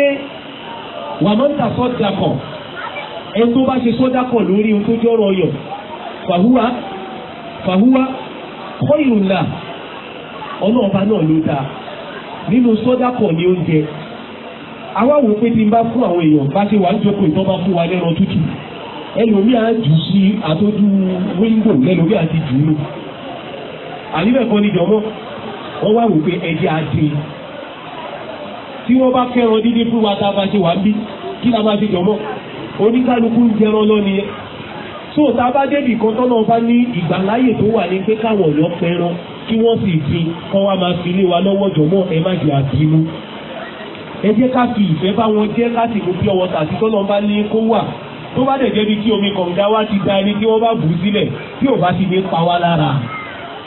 wàmọ́ntà sọ́dà kan ẹni tó bá ṣe sọ́dà kan lórí ohun tó jọ́rọ̀ ọyọ̀ fàhúwa fàhúwa kọ́ìrùnlà ọlọ́ọ̀bá náà ló dáa nínú sọ́dà kan ní oúnjẹ àwa wò pé tí n bá fún àwọn èèyàn bá ṣe wà ń jókòó ìtọ́ bá fún wa lẹ́ran tútù ẹlòmíà jù sí àtọ́jú wíńdò lẹ́lòmíà ti jù ú lò àníbẹ̀kọ́ ni jọ̀mọ́ wọ́n wá wò pé ẹjẹ́ àti tí wọ́n bá kẹ́ran dídí fún wa tá a bá ṣe wà ń bí kí la bá ṣe jọ̀mọ́ oníkálukú ń jẹran lọ nìyẹn tó tá a bá débì kan tọ́nà bá ní ìgbàláyè tó wà ní pé káwọn ọ̀yọ́ pẹran kí wọ́n sì fi kọ́ wa máa fi lé wa lọ́wọ́ jọ̀mọ́ ẹ má jẹ́ àbínú ẹ jẹ́ ká fi ìfẹ́ bá wọn jẹ́ láti mú bí ọwọ́ tàbí tọ́nà bá ní kó wà tó bá dẹ̀ jẹ́ bí tí omi kọ̀ǹga wá ti da ẹni tí wọ́n bá bù ú sílẹ̀ tí ò bá ti ní pa wá lára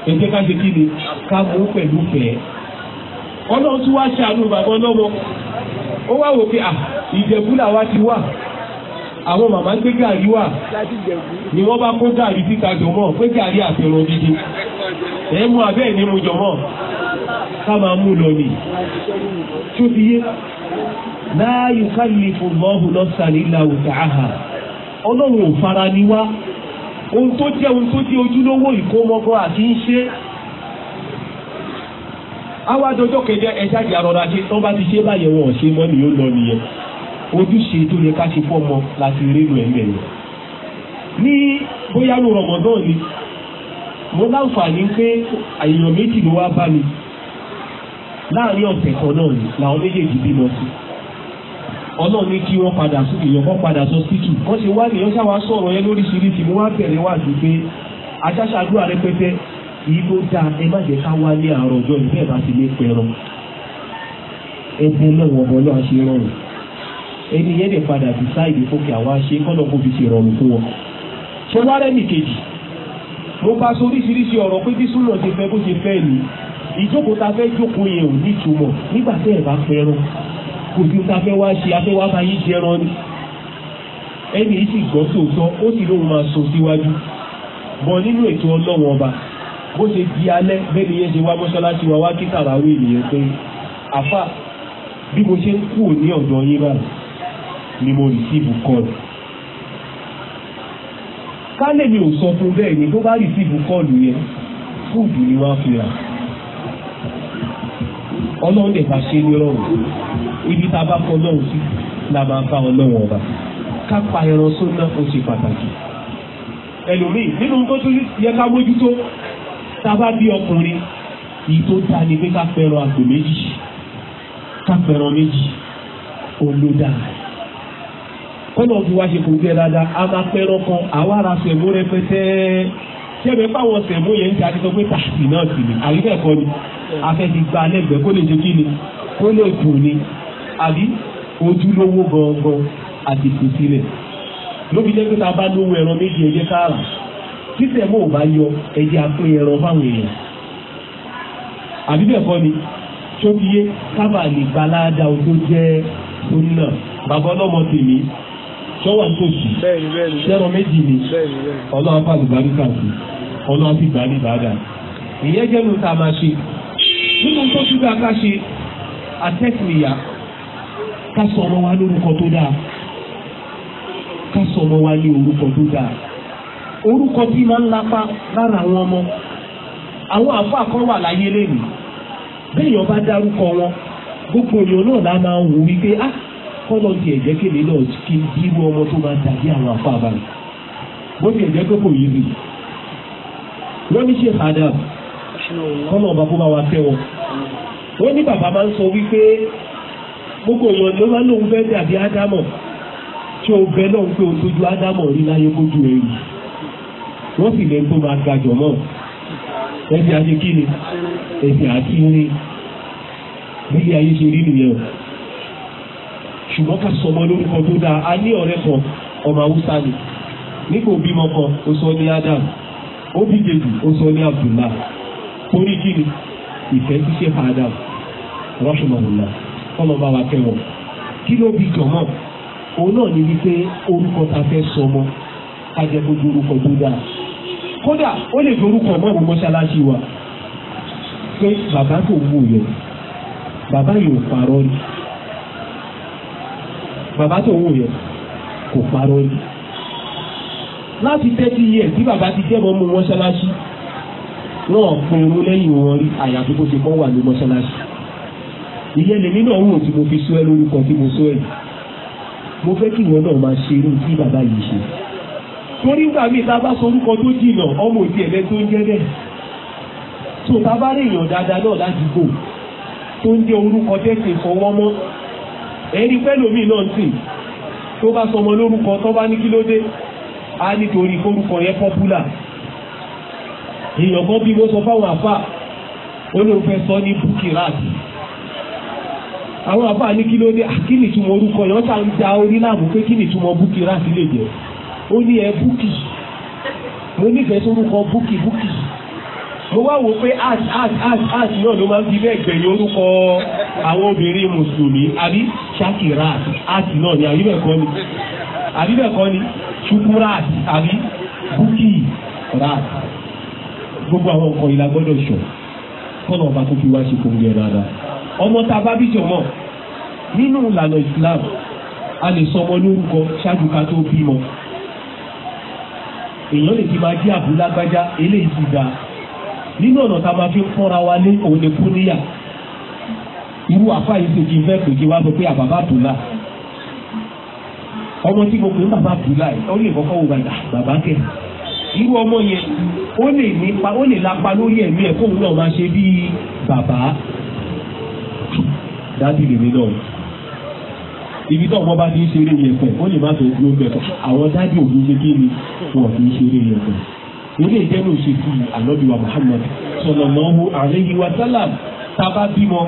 ẹ ká ṣe kí ni ká mú pẹ̀lú fẹ́. ọlọ́run tún wá ṣàánú bàbá ọlọ́mọ ó wá wò pé ìjẹ̀bú làwa ti wà àwọn màmá gbé gàrí wà ni wọ́n bá kó gàrí síta jọmọ́ pé gàrí àfẹ́ràn dídí ẹ̀ mú abẹ́ ẹ̀ ní mu jọmọ́ ká máa mú lọ ni tó fi yé la yukallifu Allahu nafsan illa wus'aha ọlọ́run ò fara ni wá ohun tó jẹ́ ohun tó jẹ́ ojúlówó ìkómọ́gọ́ àti ń ṣe àwa dọjọ́ kẹjẹ ẹja ìjà rọra ṣe tán bá ti ṣe báyẹn wọn ò ṣe mọ́ ni ó lọ nìyẹn ojúṣe tó yẹ ká ṣe fọ́mọ láti rélu ẹ̀mí ẹ̀yẹ ní bóyá ló rọmọdán ni mo láǹfààní pé àyèyàn méjì ló wá bá mi láàrin ọ̀sẹ̀ kan náà ni làwọn méjèèjì bímọ sí i ọlọ́run ní kí wọ́n padà sí ìyọ̀kọ́ padà sọ síkì wọ́n ti wá nìyẹn sáwà sọ̀rọ̀ yẹn lóríṣiríṣi mo wá tẹ̀lé wá sí pé aṣáṣáàdúrà rẹpẹtẹ èyí tó dáa ẹ má jẹ́ ká wá ní àárọ̀ ọjọ́ ìfẹ́ bá ti lé pẹ̀rọ ẹgbẹ́ lọ́wọ́ ọmọ náà ṣe rọrùn ẹni yẹn lè padà bí sáìdì fókè àwa ṣe kọ́nà kó fi ṣe rọrùn fún wọn ṣé wá rẹ́ nìkejì mo bá so oríṣiríṣi ọ̀rọ̀ pé bí súnà ti fẹ́ bó ṣe fẹ́ ni ìjókòó ta fẹ́ jókòó yẹn ò ní ìtumọ̀ nígbà tẹ́ ẹ̀ bá pẹ̀rọ kò sí ta fẹ́ wá ṣe afẹ́ wá bá yín jẹran ni ẹni yìí sì gbọ́ tòótọ́ ó sì lóun máa sọ síwájú bọ́ nínú ètò ọlọ́wọ́n ọba bó ṣe di alẹ́ bẹ́ẹ̀ ni yẹn ṣe wá mọ́ṣáláṣí wa wá kí tàràwé ènìyàn pé àfà bí mo ṣe ń kú ní ọ̀dọ̀ yín báyìí ni mo rìsíìbù kọ́ọ̀lù kálẹ̀ mi ò sọ fún bẹ́ẹ̀ ni tó bá rìsíìbù kọ́ọ̀lù yẹn fúùdù ni wọ́n á fi rà ọlọ́run lè bá ṣe ní rọrùn ibi tá a bá fọ́ lọ́run sí la máa bá ọlọ́run ọba ká pa ẹran sóná ó ṣe pàtàkì ẹlòmíì nínú tó tún yẹ ká mójútó tá a bá bí ọkùnrin yìí tó ta ni pé ká fẹ́ràn àgbò méjì ká fẹ́ràn méjì olódà kọ́nà fi wá ṣe kò gbẹ dáadáa a máa fẹ́ràn kan àwa ra sẹ̀mú rẹpẹtẹ ṣẹ́mi fáwọn sẹ̀mú yẹn ń ta ti sọ pé tààtì náà sì ni àyíká ẹ̀kọ́ ni afẹ́fi gba lẹ́gbẹ̀ẹ́ kó lè ṣe kí ni kó lè dùn ni àbí ojúlówó gangan àti ìfòsílẹ̀ lóbi jẹ́ pé ta bá lówó ẹran méjì ẹ̀jẹ̀ káàrà títẹ̀ mọ́ ò bá yọ ẹ̀jẹ̀ apẹ́ ẹran fáwọn èèyàn àbí bẹ́ẹ̀ kọ́ ni tó fi yé sábà lè gba aláàdá o tó jẹ́ oní náà bàbá ọlọ́mọ tèmi tó wà nítòsí sẹ́ran méjì ni ọlọ́run fàlùbáríkà sí ọlọ́run sì gbà ní bàdà ìyẹn jẹ́nu tá a máa ṣe nínú tó tún dáa ká ṣe àtẹ́sìnìyà ká sọ ọmọ wa lórúkọ tó dáa ká sọ wa ní orúkọ tó dáa orúkọ tí ọmọ àwọn wà láyé lẹ́nu bá dárúkọ wọn gbogbo èèyàn náà la máa wípé ah, á ọmọ tó máa dàbí àwọn bó ti ẹ̀jẹ̀ kò yí rí wọ́n ní kọ́nà ọba kó bá wa fẹ́ wọn. wọ́n ní bàbá máa ń sọ wípé gbogbo èèyàn ló máa ń lòun fẹ́ dàbí ádámọ̀ tí o bẹ náà pé o tójú ádámọ̀ rí láyé kójú ẹ̀rù wọ́n sì lè tó máa gbàjọ̀ mọ́ ẹ̀sìn àti kíni ẹ̀sìn àti rí nílé ayé ṣe rí nìyẹn o ṣùgbọ́n ká sọmọ lórúkọ tó dáa a ní ọ̀rẹ́ kan ọmọ haúsá ni nígbà òbí mọ́kàn ó sọ ní Adam ó bí jèjì ó sọ ní Abdullah oríjì ni ìfẹ́ tí ṣe Adam rọ́ṣùmọ̀lá ọlọ́ba wa kẹwọ̀ kí ló bí jọ̀mọ́ òun náà ni wípé orúkọ ta fẹ́ sọmọ ajẹ́gbójú orúkọ tó dáa kódà ó lè fi orúkọ mọ́ òun mọ́ṣáláṣí wa pé bàbá kò wù yọ bàbá yóò parọ́ rí bàbá tó wù yọ kò parọ́ rí láti tẹ́tí yẹ tí bàbá ti jẹ́ mọ́ mú mọ́ṣáláṣí wọn fún irú lẹ́yìn wọn rí àyàfi kó ṣe kọ́ wà ní mọ́ṣáláṣí ìyẹn lèmi náà wò tí mo fi sọ ẹ lórúkọ tí mo sọ ẹ mo fẹ́ kí ìwọ náà máa ṣe irú tí bàbá yìí ṣe torí gbà mí ta bá sọ orúkọ tó jìnnà ọmọ òtí ẹ̀lẹ́ tó ń jẹ́ bẹ́ẹ̀ tó ta bá rí èèyàn dáadáa náà ládùúgbò tó ń jẹ́ orúkọ tẹ́sí fọwọ́ mọ́ ẹni pẹ́lòmí náà ń sìn tó bá sọmọ lórúkọ tó bá ní kí á nítorí forúkọ yẹn pọ́púlà èèyàn kan bí mo sọ fáwọn àfà ó ní o fẹ́ sọ ní bukirat àwọn àfà ní kí ló dé ah, kíni túmọ̀ orúkọ yẹn wọ́n ṣáà ń da orí láàmú pé kíni túmọ̀ bukirat lè jẹ́ ó ní ẹ búkì mo nífẹ̀ẹ́ sórúkọ búkì búkì mo wá wò pé ash ash ash ash náà ló máa ń fi bẹ́ẹ̀ gbẹ̀yìn orúkọ àwọn obìnrin mùsùlùmí àbí shakirat ash náà ni àbí bẹ́ẹ̀ kọ́ ni àbí bẹ́ẹ̀ kọ́ ni chukurat àbí búkì rat gbogbo àwọn nǹkan yìí la gbọ́dọ̀ sọ kọ́nà ọba tó fi wá ṣe kò ń gẹ̀ dáadáa ọmọ tá a bá bí jọmọ nínú ìlànà Islam a lè sọ ọmọ lórúkọ ṣáájú ká tó bímọ èèyàn lè fi máa jẹ́ àbúlágbájá eléyìí ti dáa nínú ọ̀nà tá a máa fi ń fọ́ra wa lé òun ni kúníyà irú àfa yìí ṣe kí n fẹ́ pè wá sọ pé àbàbà àbúlá ọmọ tí mo pè ń bàbá àbúlá yìí ó lè kọ́kọ́ wò bàbá kẹ́ irú ọmọ yẹn ó lè nípa ó lè lapa lórí ẹ̀mí ẹ̀ fóun náà máa ṣe bíi bàbá dádì lèmi náà ibi tó ọmọ bá ti ń ṣeré yẹn pẹ̀ ó lè má tó dúró bẹ̀ àwọn dádì òun ṣe kí ni wọn kì í ṣeré yẹn pẹ̀ ilé ìjẹ́nu ṣe fi àlọ́bíwá Muhammad sallallahu alayhi wa sallam tá a bá bímọ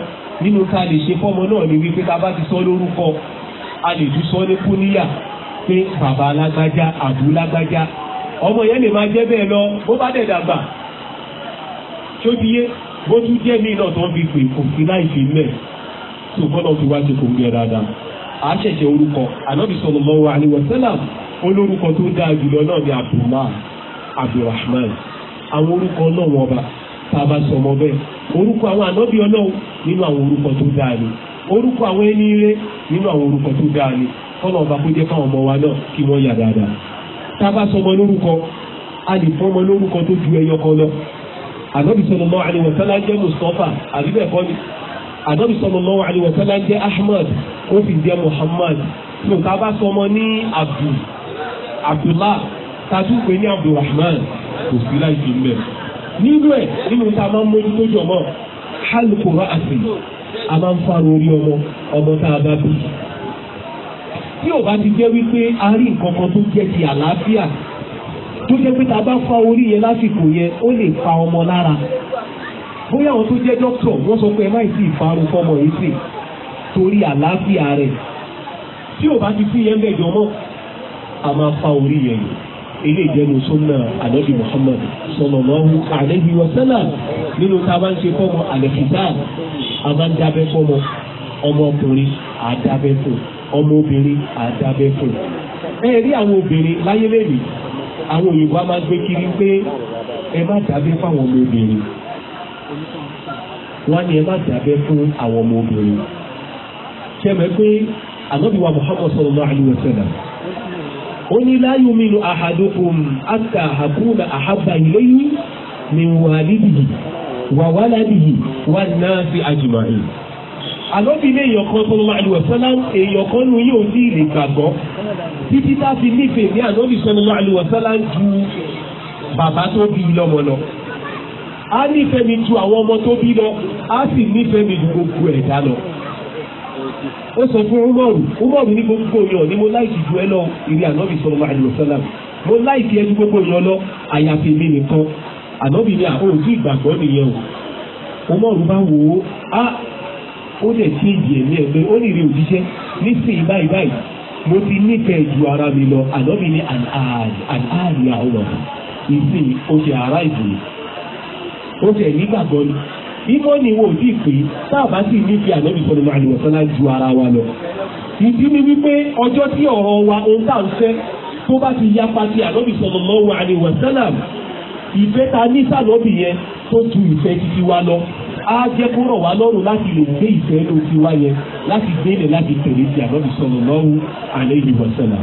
nínú tá a lè ṣe fọ́mọ náà ni wípé tá a bá ti sọ lórúkọ a lè tún sọ ní kúníyà pé bàbá alágbájá àbú ọmọ yẹn lè máa jẹ́ bẹ́ẹ̀ lọ bó bá dẹ̀ dàgbà tó ti yé bó tún jẹ́ ní náà tó ń fi pè kò fi láì fi mẹ́ tó gbọ́dọ̀ fi wá kò ń dáadáa a ṣẹ̀ṣẹ̀ orúkọ olórúkọ tó dáa jùlọ náà ni abdulrahman àwọn orúkọ náà wọn bá sọ orúkọ àwọn nínú tó dáa ni orúkọ àwọn ẹni ire nínú àwọn orúkọ tó dáa ni fọlọ ọba kó ọmọ náà kí yà dáadáa. tábà sọmọ lórúkọ a lè fọmọ lórúkọ tó ju ẹyọ kan lọ ànábì sallallahu alaihi wa sallam jẹ́ mustapha àbí bẹ́ẹ̀ kọ́ ni ànábì sallallahu alaihi wa sallam jẹ́ ahmad ó sì jẹ́ muhammad tó tábà sọmọ ní abdul abdullah tàbí pé ní abdulrahman kò sí láì fi mẹ́ nínú ẹ̀ nínú tá a máa ń mójútó jọmọ́ hálùkù ra'asi a máa ń fa orí ọmọ ọmọ tá a bá bí tí o bá ti jẹ́ wípé a rí nǹkan kan tó jẹ́ ti àlàáfíà tó jẹ́ pé tá a bá fa orí yẹn lásìkò yẹn ó lè fa ọmọ lára bóyá àwọn tó jẹ́ dókítọ̀ wọ́n sọ pé ẹ má sì farun fọmọ yìí sì torí àlàáfíà rẹ̀ tí o bá ti sí yẹn bẹ̀ jọmọ́ a máa fa orí yẹn yìí ilé ìjẹnu súnmọ́ ànábì Muhammad sallallahu alaihi wasallam nínú tá a bá ń ṣe fọmọ àlẹ́kìtà a máa ń dábẹ́ fọmọ ọmọkùnrin àdábẹ́ fún un. ọmọbìnrin àdábẹ́fún ẹ rí àwọn obìnrin láyé lẹ́yìn àwọn òyìnbó a máa gbé kiri pé ẹ má dábẹ́ fáwọn ọmọbìnrin wọ́n ní ẹ má dábẹ́ fún àwọn ọmọbìnrin ṣẹ́mẹ̀ pé ànábìwá Muhammad sallallahu alayhi wa sallam ó ní la ahabba ilayhi ni walidihi wa waladihi àlọ́bí ilé èèyàn kan sọlọ́lá àlùwẹ̀ sọ́lá èèyàn kan nu yóò ní ìlè gbàgbọ́ títí tá a fi nífẹ̀ẹ́ ní àlọ́bí sọlọ́lá àlùwẹ̀ sọ́lá ju bàbá tó bí lọ́mọ lọ. a nífẹ̀ẹ́ mi ju àwọn ọmọ tó bí lọ a sì nífẹ̀ẹ́ mi ju gbogbo ẹ̀dá lọ. ó sọ fún umaru umaru ní gbogbo yàn ni mo láìkì ju ẹ lọ ìrì àlọ́bí sọlọ́lá àlùwẹ̀ sọ́lá mo láìkì ẹ ju gbogbo yàn lọ àyàfi mi nìkan àlọ́bí ni àwọn ó dẹ̀ ṣe èjì ẹ̀mí ẹ̀mí ó nìrí òjíṣẹ́ nísìnyí báyìí báyìí mo ti nífẹ̀ẹ́ ju ara mi lọ ànábì ní àdáàrí àwọn ìsìn ó ṣe ara ìbò ó ṣe nígbàgbọ́ ni ìmọ̀ ni wo ti pè tá a bá sì nífẹ̀ẹ́ ànábì sọ̀rọ̀ máa lè wọ̀sánná ju ara wa lọ. ìdí ni wípé ọjọ́ tí ọ̀rọ̀ wa ohun tá à ń fẹ́ tó bá ti yapa ti ànábì sọ̀rọ̀ lọ́wọ́ àlè wọ̀sánná ìfẹ́ ta ní sàlọ́bì yẹn tó ju ìfẹ́ títí wa lọ á jẹ́ kó rọ̀ wá lọ́rùn láti lè gbé ìfẹ́ ló ti wáyẹ láti gbélé láti tẹ̀lé ti ànábì sallallahu alaihi wasallam.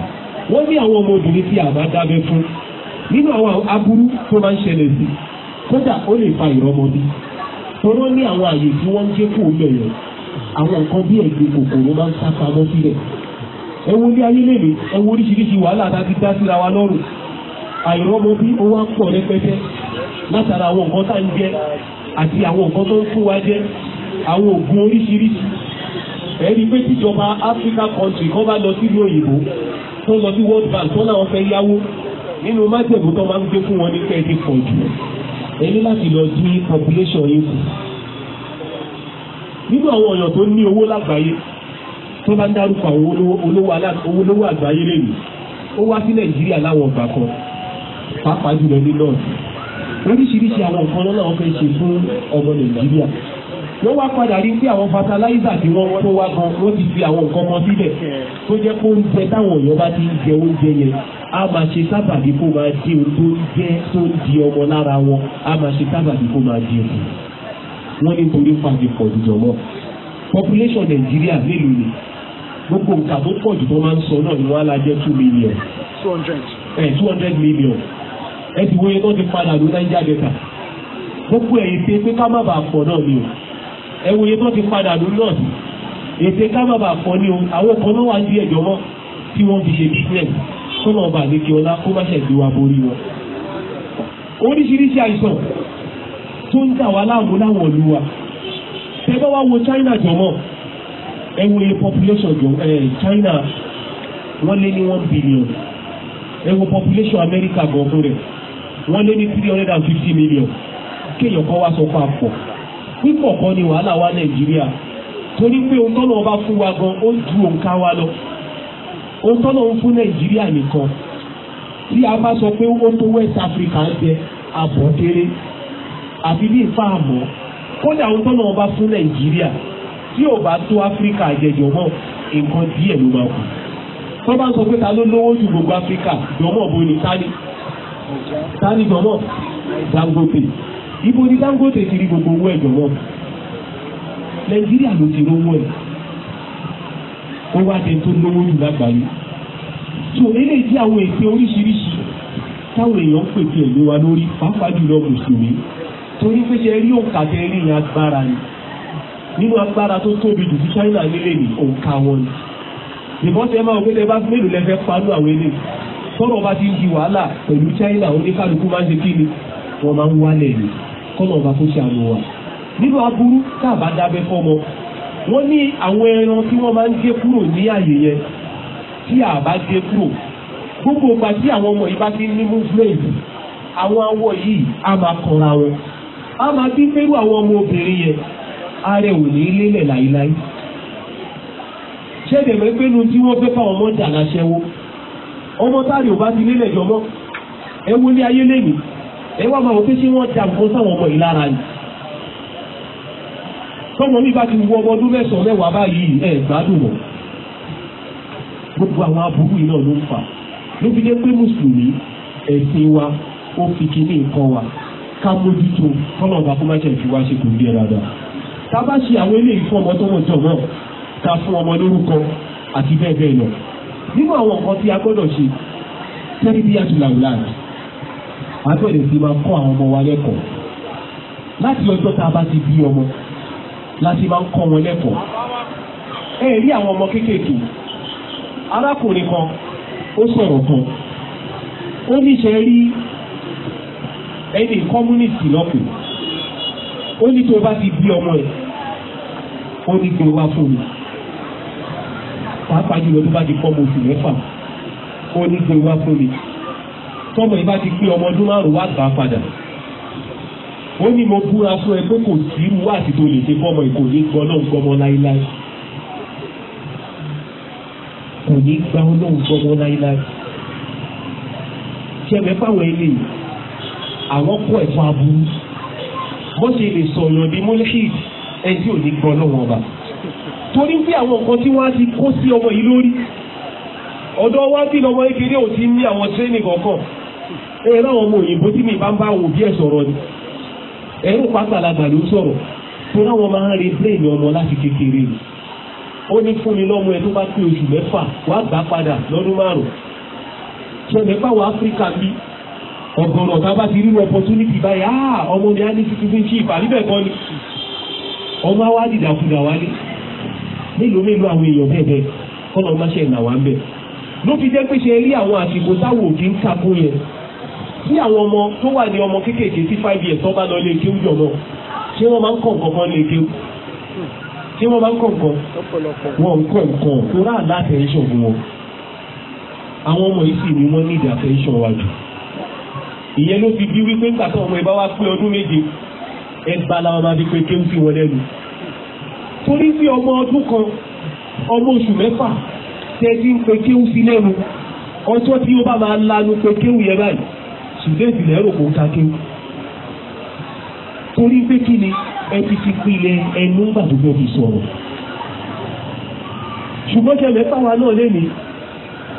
wọ́n ní àwọn ọmọbìnrin tí a máa dábẹ́ fún nínú àwọn aburú tó máa ń ṣẹlẹ̀ sí kódà ó lè fa ìrọmọbí torí ó ní àwọn àyè tí wọ́n ń jẹ́ kó lẹ̀yẹ̀ àwọn nǹkan bí ẹ̀gbin kòkòrò máa ń sá pamọ́ sílẹ̀ ẹ wo ní ayé lèmi ẹ wo oríṣiríṣi wàhálà tá a ti dá síra wa lọ́rùn àìrọ́mọbí ó wá pọ̀ rẹpẹtẹ látara àwọn nǹkan tá à ń jẹ àti àwọn nǹkan tó ń fún wa jẹ àwọn oògùn oríṣiríṣi ẹ̀rí pé tíjọba Africa country kan bá lọ sílùú òyìnbó tó lọ sí World Bank tó náà fẹ́ yáwó nínú májèlú tó máa ń gbé fún wọn ní kẹ́ẹ̀dì pọ̀ jù ẹ ní láti lọ sí population yìí kù nínú àwọn èèyàn tó ní owó lágbàáyé tó bá ń dárúkọ àwọn olówó àgbáyé lẹ́nu ó wá sí Nàìjíríà láwọn ọgbà kan pàápàá jùlọ ní north oríṣiríṣi àwọn nǹkan lọ́nà fẹ́ ṣe fún ọmọ nàìjíríà wọ́n wá padà rí pé àwọn fataláísà tí wọ́n tó wá gan wọ́n ti fi àwọn nǹkan kan síbẹ̀ tó jẹ́ pé oúnjẹ táwọn èèyàn bá ti ń jẹ oúnjẹ yẹn a máa ṣe sábàbí kó máa dé ohun tó ń jẹ́ tó ń di ọmọ lára wọn a máa ṣe sábàbí kó máa di ẹ̀kú wọ́n ní torí pàdé pọ̀ jù jọ̀mọ́ population nàìjíríà mélòó ni gbogbo nǹkan tó pọ̀ jù tó máa ń sọ náà ni wọ́n á la two million. two hundred. ẹ eh, two hundred million ẹ ti wọ́n yẹ tó ti padà ló Niger Delta gbogbo ẹ̀yìn ṣe pé ká má bàa pọ̀ náà ni o ẹ wo iye tó ti padà ló náà sí ètè ká má bàa pọ̀ ni o àwọn kan náà wà ní ẹ̀jọ̀ mọ́ tí wọ́n fi ṣe business kó náà bà ní kí ọlá kó má ṣe ìdíwà borí wọn. oríṣiríṣi àìsàn tó ń dà wá láàmú láwọn ìlú wa ṣé bá wá wo China jọmọ ẹ wo iye population jọ ẹ China wọ́n lé ní one billion ẹ wo population America gan fún rẹ̀ wọ́n lé ní three hundred and fifty million kéèyàn kan wá sọ fún àpọ̀ pípọ̀ kan ni wàhálà wa nàìjíríà torí pé ohun tọ́nà ọba fún wa gan ó ju òǹkà wa lọ ohun tọ́nà ń fún nàìjíríà nìkan tí a bá sọ pé ó tó west africa ń jẹ àbọ̀déré àfi bí ìfá àmọ́ kódà ohun tọ́nà ọba fún nàìjíríà tí ò bá tó áfíríkà jẹjọ mọ́ nǹkan díẹ̀ ló máa kù tó bá ń sọ pé ta ló lówó ju gbogbo áfíríkà jọmọ́ bó ni ta sani jọmọ Dangote ibo ni Dangote ti rí gbogbo owó ẹ jọmọ Nàìjíríà ló ti rówó ẹ ó wá jẹ tó lówó jù lágbàáyé tó eléyìí tí àwọn èpè oríṣiríṣi táwọn èèyàn ń pèpè ẹ̀ lé wa lórí pàápàá jùlọ mùsùlùmí torí pé ṣe rí òǹkà tẹ rí ìyẹn agbára ni nínú agbára tó tóbi jù sí China nílé ní òǹkà wọn ni ìbọn tẹ máa wọlé bá mélòó lẹ fẹ́ panú àwọn eléyìí tọ́rọ̀ bá ti ń di wàhálà pẹ̀lú China oníkálukú máa ń ṣe kíni wọ́n máa ń wálẹ̀ ni kọ́nà ọba tó ṣe àmọ́ wa nínú aburú tá a bá dábẹ́ fọ́mọ wọ́n ní àwọn ẹran tí wọ́n máa ń gé kúrò ní àyè yẹn tí a bá gé kúrò gbogbo ìgbà tí àwọn ọmọ yìí bá ti ní movement àwọn awọ yìí á máa kanra wọn á máa bí pẹ̀lú àwọn ọmọ obìnrin yẹn ààrẹ ò ní lélẹ̀ láíláí ṣẹ́dẹ̀mẹ́gbẹ́nu tí wọ́n fẹ́ fáwọn ọmọ dà ọmọ táàrí ò bá ti nílẹ̀ jọmọ́ ẹ wo ní ayé lẹ́yìn ẹ wá máa wọ pé ṣé wọ́n da nǹkan sáwọn ọmọ yìí lára ni. tọ́mọ mi bá ti wọ ọmọ ọdún mẹ́sàn-án mẹ́wàá báyìí ẹ gbádùn mọ́ gbogbo àwọn aburú yìí náà ló ń fà ló fi dé pé mùsùlùmí ẹ̀sìn wa ó fi kíní nǹkan wa ká mójútó tọ́lọ̀ ọba kó má jẹ́ ìfiwá ṣe kò rí ẹ dáadáa. a bá ṣe àwọn eléyìí fún ọmọ tó wọ̀ jọ̀ náà ká fún ọmọ lórúkọ àti bẹ́ẹ̀ bẹ́ẹ̀ lọ nínú àwọn nǹkan tí a gbọ́dọ̀ ṣe tẹ́lí bí àtúnláwùlá a gbọ́dọ̀ fi máa kọ́ àwọn ọmọ wa lẹ́kọ̀ọ́ láti ọjọ́ tá a bá ti bí ọmọ láti máa ń kọ́ wọn lẹ́kọ̀ọ́ ẹ rí àwọn ọmọ kéékèèké arákùnrin kan ó sọ̀rọ̀ kan ó níṣẹ́ rí ẹni kọ́múnìtì lọ́pẹ́ ó ní tó bá ti bí ọmọ ẹ̀ ó ní kí o wá fún mi pàápàá jùlọ tó bá di fọ́ọ̀mù oṣù mẹ́fà ó ní gbé wá fún mi tọ́mọ yìí bá ti pé ọmọ ọdún márùn-ún wá gbà á padà ó ní mo búra fún ẹ pé kò sí irú àti tó lè ṣe fọ́mọ yìí kò ní gbọ́ náà gbọ́mọ láíláí kò ní gbà ọlọ́run gbọ́mọ láíláí ṣẹ̀mẹ́ fáwọn eléyìí àwọn kọ́ ẹ̀fọ́ aburú bó lè sọ̀rọ̀ bí mọ́lẹ́kì ẹ tí ò ní gbọ́ náà wọn bá torí pé àwọn nǹkan tí wọ́n á ti kó sí ọmọ yìí lórí ọ̀dọ́ wa bí lọ́mọ kékeré ò ti ní àwọn tírénì kọ̀ọ̀kan ẹ láwọn ọmọ òyìnbó tí mi bá ń bá àwọn òbí ẹ̀ sọ̀rọ̀ ni ẹ̀rù pàtàlàgbà ló sọ̀rọ̀ tó láwọn máa ń re bíléèmì ọmọ láti kékeré ni ó ní fún mi lọ́mọ ẹ tó bá pé oṣù mẹ́fà wàá gbà padà lọ́dún márùn-ún ṣẹlẹ̀ báwo Áfíríkà bí ọ̀gọ̀rọ̀ tá a bá ti rí opportunity báyìí ah ọmọ mi á ní citizenship àbíbẹ̀ kan ni ọmọ wa dìdàkudà wálé nílùú nílùú àwọn èèyàn bẹ́ẹ̀ bẹ́ẹ̀ kọ́nà ọmọ ṣe ìnà wà ń bẹ̀. ló fi jẹ́ pé ṣe rí àwọn àsìkò táwọn òbí ń kakú yẹn tí àwọn ọmọ tó wà ní ọmọ kéékèèké sí five years tó bá lọ lé kéwú jọ náà ṣé wọ́n máa ń kọ̀ nǹkan kan lé kéwú ṣé wọ́n máa ń kọ̀ nǹkan wọ́n ń kọ̀ nǹkan tó rà látẹ̀ẹ́sọ̀ fún wọn àwọn ọmọ yìí sì ni wọ́n ní ìdí àtẹ̀ẹ́sọ̀ wa jù ìyẹn ló fi bí wípé nígbà torí pé ọmọ ọdún kan ọmọ oṣù mẹ́fà tẹ́tí ń pe kéwù sí lẹ́nu ọjọ́ tí ó bá máa lanu pe kéwù yẹn báyìí ṣùgbọ́n ìlẹ̀ rò kó ta kéwù torí pé kí ni ẹ ti fi pilẹ̀ ẹnu ń gbàdúgbò fi sọ̀rọ̀ ṣùgbọ́n ṣẹlẹ̀ fáwa náà lẹ́nu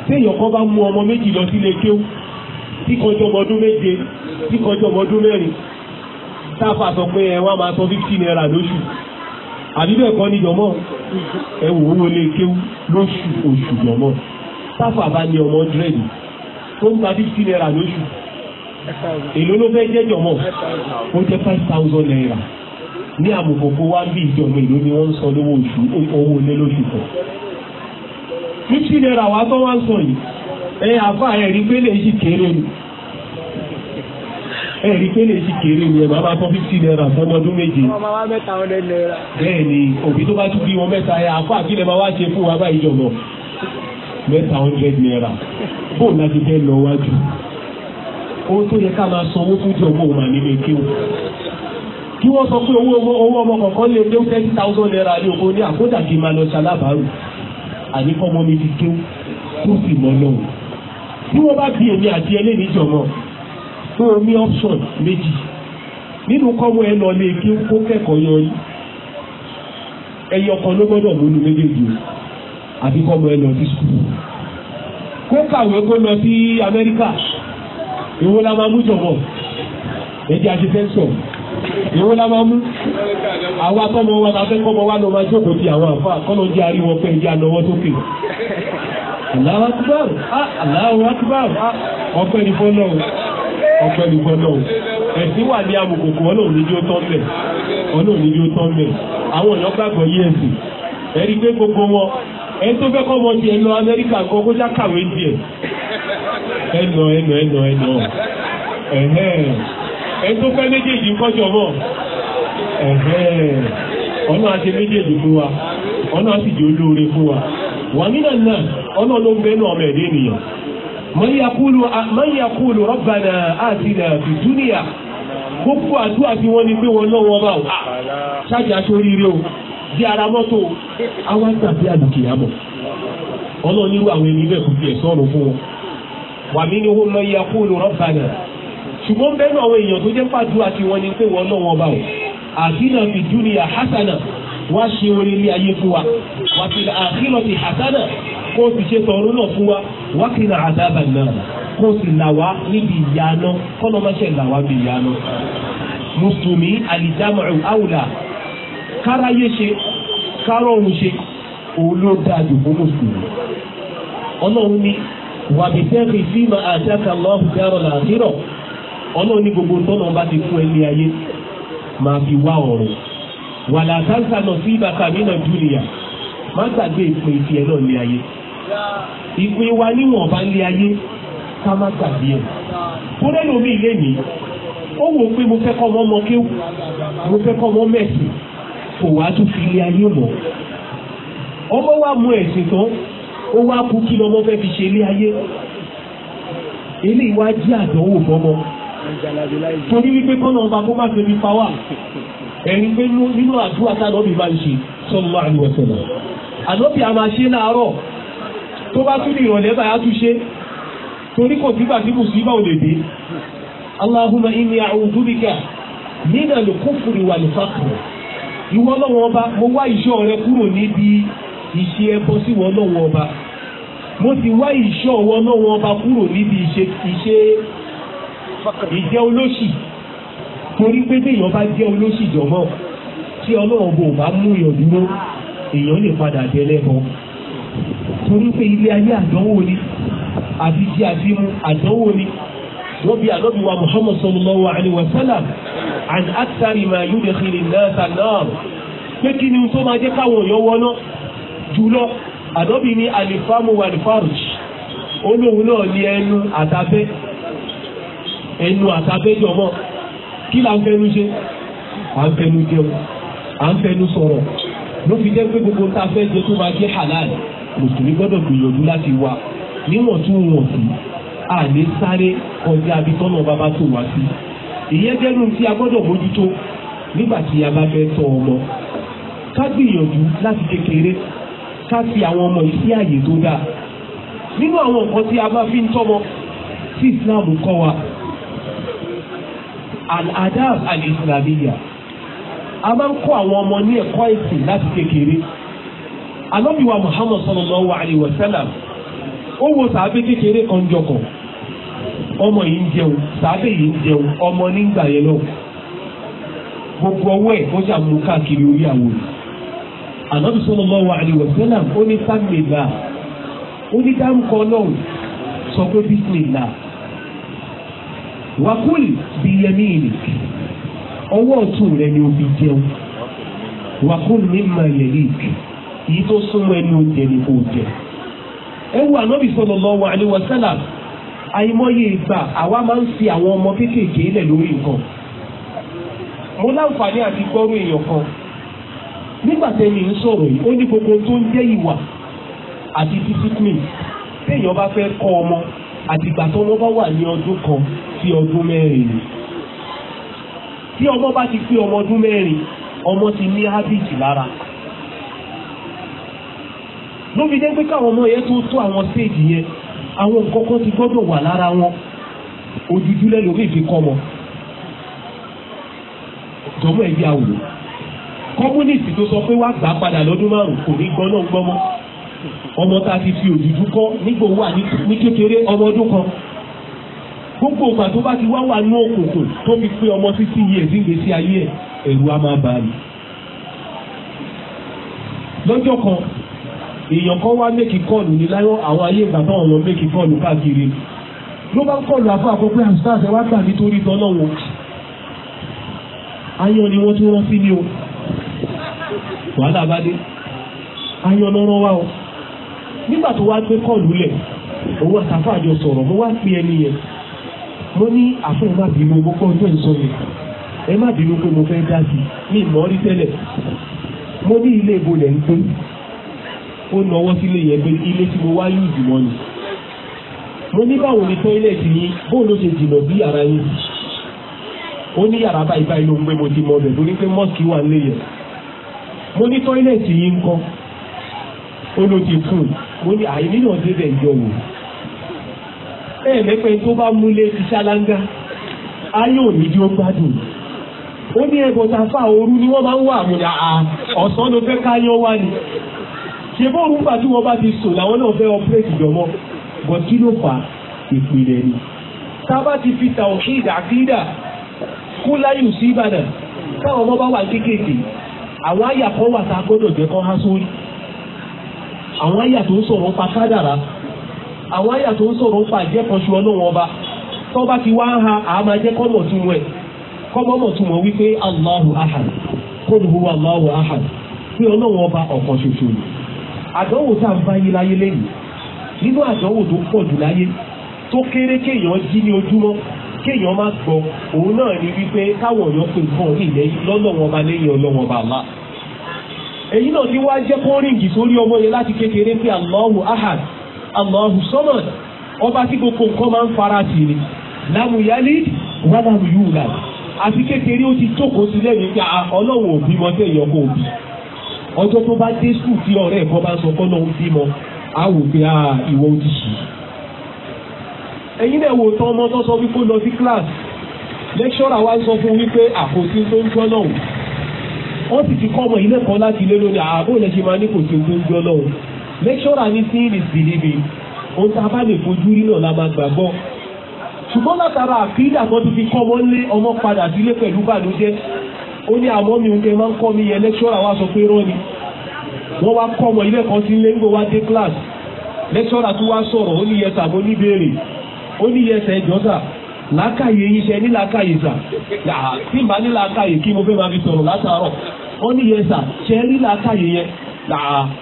téèyàn kan bá mú ọmọ méjì lọ sílé kéwù tí kọjọ ọmọ ọdún méje tí kọjọ ọmọ ọdún mẹ́rin táfà sọ pé ẹ wá máa sọ fifty naira lóṣù àbí bẹ́ẹ̀ kọ́ ní jọmọ́ ẹ wò ó wọlé kéwú lóṣù oṣù jọmọ́ sáfà bá ní ọmọ dírẹ́dì tó ń gba fifty naira lóṣù èló ló fẹ́ jẹ́ jọmọ́ ó jẹ́ five thousand naira ní àmùkòkò wá bí ìjọba ìlú ni wọ́n ń sọ lówó oṣù owó ilé lóṣù kan fifty naira wa tó wá ń sọ yìí ẹ àfa ẹ̀rí pé lè ṣì kéré ni ẹ̀rí pé lè ṣì kéré ni ẹ̀ máa bá fọ́ fifty naira fọmọdún méje. ọmọ wa mẹ́ta ọ̀rẹ́ naira. bẹ́ẹ̀ ni òbí tó bá tún bí wọn mẹ́ta ẹ̀ àfọ àkílẹ̀ máa wá ṣe fún wa báyìí jọ̀nà mẹ́ta hundred naira bóun láti fẹ́ lọ wájú ohun tó yẹ ká máa sanwó fún jọ̀wọ́ òun ànílé kéwù kí wọ́n sọ pé owó owó ọmọ kọ̀ọ̀kan lè dé thirty thousand naira ní oko ní àkódà kí n máa lọ ṣalábàárù àní fọmọ mi ti kéwù tó sì mọ́ lọ́wọ́ bí wọ́n bá bí èmi àti ẹlẹ́ni jọ̀mọ́ tó o ní option méjì nínú kọ́mọ ẹ lọ lé kí kó kẹ́kọ̀ọ́ yọrí ẹyọ kan ló gbọ́dọ̀ múnú méjèèjì o àbí kọ́mọ ẹ lọ sí skul kó kàwé kó lọ sí Amẹ́ríkà ìwọ la máa mú jọ̀bọ̀ ẹ̀jẹ̀ àti sẹ́ńsọ̀ ìwọ la máa mú àwa tọ́mọ wa la fẹ́ kọ́mọ wa lọ máa jókòó ti àwọn àfa kọ́nà jẹ́ ariwo pé ẹ̀jẹ̀ ànáwọ́ sókè Allahu Akbar ah, Allahu Akbar ah, ọpẹ́ ní fọ́nà o. ọpẹ́ lùfọ́ náà ẹ̀sìn wà ní amòkòkò ọlọ́run ní ó tán bẹ̀ ọlọ́run ní ó tán bẹ̀ àwọn èèyàn gbàgbọ́ yí ẹ̀sìn ẹ̀rí pé gbogbo wọn tó fẹ́ kọ́ ọmọ tiẹ̀ lọ amẹ́ríkà kan kó já kàwé díẹ̀ ẹnà tó fẹ́ méjèèjì ọ̀nà àti wa ọ̀nà àti jòlóore fún wa náà ọ̀nà ló ń bẹ́ẹ̀ náà ọmọ man يقول ah, man يقول ربنا آتنا في الدنيا gbogbo àdúrà tí wọ́n ní pé wọ́n lọ́wọ́ bá wà ah, ṣáàjì aṣoríire o di ara mọ́tò àwọn àgbàbí àlùkìyàmọ̀ ọlọ́run nírú àwọn ẹni bẹ́ẹ̀ kò fi ẹ̀sọ́ ọ̀rọ̀ fún wọn wà mí ni wọ́n mọ iye akóòlù rabbana ṣùgbọ́n bẹ́ẹ̀ náà àwọn èèyàn tó jẹ́ pàdúrà tí wọ́n ní pé wọ́n lọ́wọ́ bá wà àdínà fi dúnìyà hasana wá ṣe orin ilé ayé fún wa wà kó o sì ṣe tọ̀run náà fún wa wákìlà àdáàbà náà kó o sì là wá níbi ìyáná kọ́nà má ṣe là wá níbi ìyáná. mùsùlùmí àlìjámọ̀ àwùlà káráyé ṣe ṣe òun ló dáa jù fún mùsùlùmí. gbogbo tọ́nà bá ti fún ẹni ayé máa fi wá ọ̀run wàlà àtàǹtà lọ sí ìbàkà mí náà má gbàgbé ìwé wa níwọ̀n bá lé ayé ká má gbàgbé ẹ̀. tó lẹ́nu mi lé mi ó wò ó pé mo fẹ́ kọ́ ọmọ ọmọ kéwù mo fẹ́ kọ́ ọmọ mẹ́sì kò wá tún fi lé ayé mọ́. ọmọ wa mú ẹ̀sìn tán ó wá kú kí lọ́mọ fẹ́ fi ṣe lé ayé. eléyìí wá jí àdánwò fọmọ. torí wípé kọ́nà ọba kó má fẹ́ mi fa wà ẹ̀rí pé nínú àdúrà tá a lọ́ọ́ bí bá ń ṣe sallallahu alaihi wasallam àlọ́bì a máa ṣe láàárọ̀ tó bá tún ní ìrọ̀lẹ́ báyà tún ṣe torí kò sígbà tí kò sí bá òde dé Allahumma inni a'udhu bika nínà ló kufri wal faqr ìwọ lọ́wọ́ ọba mo wá ìṣọ́ rẹ kúrò níbi ìṣe ẹbọ sí ìwọ lọ́wọ́ ọba mo sì wá ìṣọ́ ìwọ lọ́wọ́ ọba kúrò níbi ìṣe ìjẹ́ olóṣì torí pé téèyàn bá jẹ́ olóṣì jọ̀mọ́ tí ọlọ́run bò bá mú yàn dúró èèyàn lè padà jẹ lẹ́bọn torí pé ilé ayé àdánwò ni àbí jẹ àbí mu àdánwò ni wọ́n bí ànábì wa muhammad sallallahu alayhi wa sallam an akitari ma yu de xiri nasa náà pé kí ni tó máa jẹ́ káwọn èèyàn wọná jùlọ ànábì ni alifamu wa alifarj olóhùn náà ní ẹnu àtàfẹ́ ẹnu àtàfẹ́ jọmọ́ kí là ń fẹnu ṣe à ń fẹnu jẹun à ń fẹnu sọ̀rọ̀ ló jẹ́ pé gbogbo tá fẹ́ jẹ tó máa jẹ́ halal mùsùlùmí gbọ́dọ̀ gbìyànjú láti wà níwọ̀ntúnwọ̀nsì àní sáré kọjá abí tọ́nà bàbá tó wá sí. ìyẹn jẹ́nu tí a gbọ́dọ̀ mójútó nígbà tí a bá fẹ́ tọ́ ọmọ. ká gbìyànjú láti kékeré ká fi àwọn ọmọ yìí sí àyè tó dáa. nínú àwọn nǹkan tí a bá fi ń tọ́mọ tí Islam kọ́ wa al-adab al-islamiyya a máa ń kọ́ àwọn ọmọ ní ẹ̀kọ́ ìsìn láti kékeré. alọ́bíwá muhammad sallallahu alayhi wa sallam ó wo sàábé kékeré kan jọkọ ọmọ yìí ń jẹun sàábé yìí ń jẹun ọmọ nígbà yẹn lọ gbogbo ọwọ́ ẹ̀ ó ṣàmú káàkiri orí àwọn alọ́bí sallallahu alayhi wa sallam ó ní sábìlá ó ní dáńkọ náà sọ pé bísímìlá wàkúl biyamini ọwọ́ ọ̀tún rẹ ni fi jẹun èyí tó súnmọ́ ẹni oúnjẹ ni kò jẹ ẹ wo ànábì sallallahu alaihi wasallam àìmọye ìgbà àwa máa ń fi àwọn ọmọ kéékèèké lẹ̀ lórí nǹkan mo láǹfààní àti èèyàn kan nígbà tẹ́mi ń sọ̀rọ̀ yìí ó ní gbogbo tó ń jẹ́ ìwà àti discipline téèyàn bá fẹ́ kọ́ ọmọ tó wọ́n bá wà ní kan sí ọdún mẹ́rin ti ọmọ ọdún mẹ́rin ọmọ ti ní hábìtì lára ló fi dé pé káwọn ọmọ yẹn tó tó àwọn séèjì yẹn àwọn nǹkan kan ti gbọ́dọ̀ wà lára wọn ojújú lẹ́nu omi ìfi kọ́ wọn jọ̀wọ́ ẹ̀bí àwòrán kọ́múnìtì tó sọ pé wá gbà padà lọ́dún márùn-ún kò ní gbọ́n náà gbọ́n mọ́ ọmọ tá a ti fi òjújú kọ́ nígbà owó ní kékeré ọmọ ọdún kan gbogbo ìgbà tó bá ti wá wà ní òkùnkùn tó fi pé ọmọ títí yìí ẹ̀sìn ìgbésí ayé ẹ̀ ẹ̀rù á máa bá a lọ. lọ́jọ́ kan èèyàn kan wá mékì kọ́ọ̀lù ní láyọ̀ àwọn ayé ìgbà táwọn èèyàn mékì kọ́ọ̀lù káàkiri ló bá ń kọ́ọ̀lù àfọ àkọ́pẹ́ àṣìṣàṣẹ wá gbà nítorí tọ́lọ́ wọn ayọ̀ ni wọ́n tún rán sí ni o wàhálà bá dé ayọ̀ lọ́rọ́ wa o nígbà tó wá gbé kọ́ọ̀lù lẹ̀ owó àtàfà àjọ sọ̀rọ̀ mo wá pe ẹni yẹn mo ní àfẹ́ má bínú mo kọ́ ọjọ́ ìsọ yẹn ẹ má bínú pé mo fẹ́ dá sí mi ìmọ̀ rí tẹ́lẹ̀ mo ní ilé ìbolẹ̀ ń pín ó nawọ́ sílé yẹn pé ilé tí mo wá ìjùmọ̀ ni mo ní báwo ni tọ́ílẹ̀tì yi, bóun ló ṣe jìnnà bí yàrá O ó ní yàrá báyìí báyìí ló ń gbé mo ti mọ ọbẹ̀ pé mọ́ọ̀kì wà mo ní tọ́ílẹ̀tì yi ń kọ́ ó ló ti mo ní àìní náà débẹ̀ yọ wò bẹ́ẹ̀ mẹ́pẹ́ tó bá múlé ti ṣáláńgá ayé òní tí ó gbádùn ooru ni wọ́n máa ń wà ọ̀sán ló fẹ́ wá ni. ṣe bóun nígbà tí wọ́n bá ti sùn làwọn náà fẹ́ ọpẹ́rẹ́tì jọmọ́ bọ̀ kí ló fà ìpìlẹ̀ ni. ti fi tawhid àkídà kú láyù sí ìbàdàn táwọn ọmọ bá wà kéékèèké àwọn àyà kan wà tá a gbọ́dọ̀ jẹ́ kán há sórí. àwọn àyà tó ń sọ̀rọ̀ àwọn ọba tó bá ti ha àmà jẹ́ kọ́mọ̀ tún wẹ̀ kọ́mọ̀ wípé àdánwò tá à ń bá yín láyé lẹ́yìn nínú àdánwò tó pọ̀ jù láyé tó kéré kéèyàn jí ní ojúmọ́ kéèyàn má gbọ́ òun náà ni wípé káwọn èèyàn pè fún ọ̀rìn lẹ́yìn lọ́nà wọn bá lẹ́yìn ọlọ́wọ́n bá èyí náà ni wàá jẹ́ kọ́ríǹgì sórí ọmọ yẹn láti kékeré ahad ọba tí gbogbo nǹkan máa fara sí ni ti jókòó sílẹ̀ ah, òbí mọ́tẹ́ òbí ọjọ́ tó bá dé sùn tí ọ̀rẹ́ ẹ̀kọ́ bá sọ kọ́nà ń bímọ á wò pé a ah, ìwọ odi sì. ẹ̀yin náà wò tán ọmọ tó sọ wípé lọ sí kíláàsì lẹ́kṣọ́rà wa sọ fún wípé àkòtí ah, tó ń jọ́ náà wọ́n sì ti kọ́ ọmọ ilé kan láti lé lórí ààbò ah, ilẹ̀ ṣe máa ní kò tó ń jọ́ náà lẹ́kṣọ́rà ní sí ìrìsìlíbi ohun tá a bá lè fojú rí náà la máa gbàgbọ́ ṣùgbọ́n látara àkídà kan tó fi kọ́ ó ní àmọ́ mi ò tẹ máa ń kọ́ mi yẹn lẹ́kṣọ́rà wa sọ pé rán ni wọ́n wá kọ́ ọmọ ilé kan tí ń lé wá dé class lẹ́kṣọ́rà tó wá sọ̀rọ̀ ó ní yẹsà mo ní béèrè ó ní yẹsà ẹjọ́ sà làákàyè yín ṣe ní làákàyè sà tí màá ní làákàyè kí mo fẹ́ máa fi sọ̀rọ̀ látàárọ̀ ó ní yẹsà ṣe rí làákàyè yẹn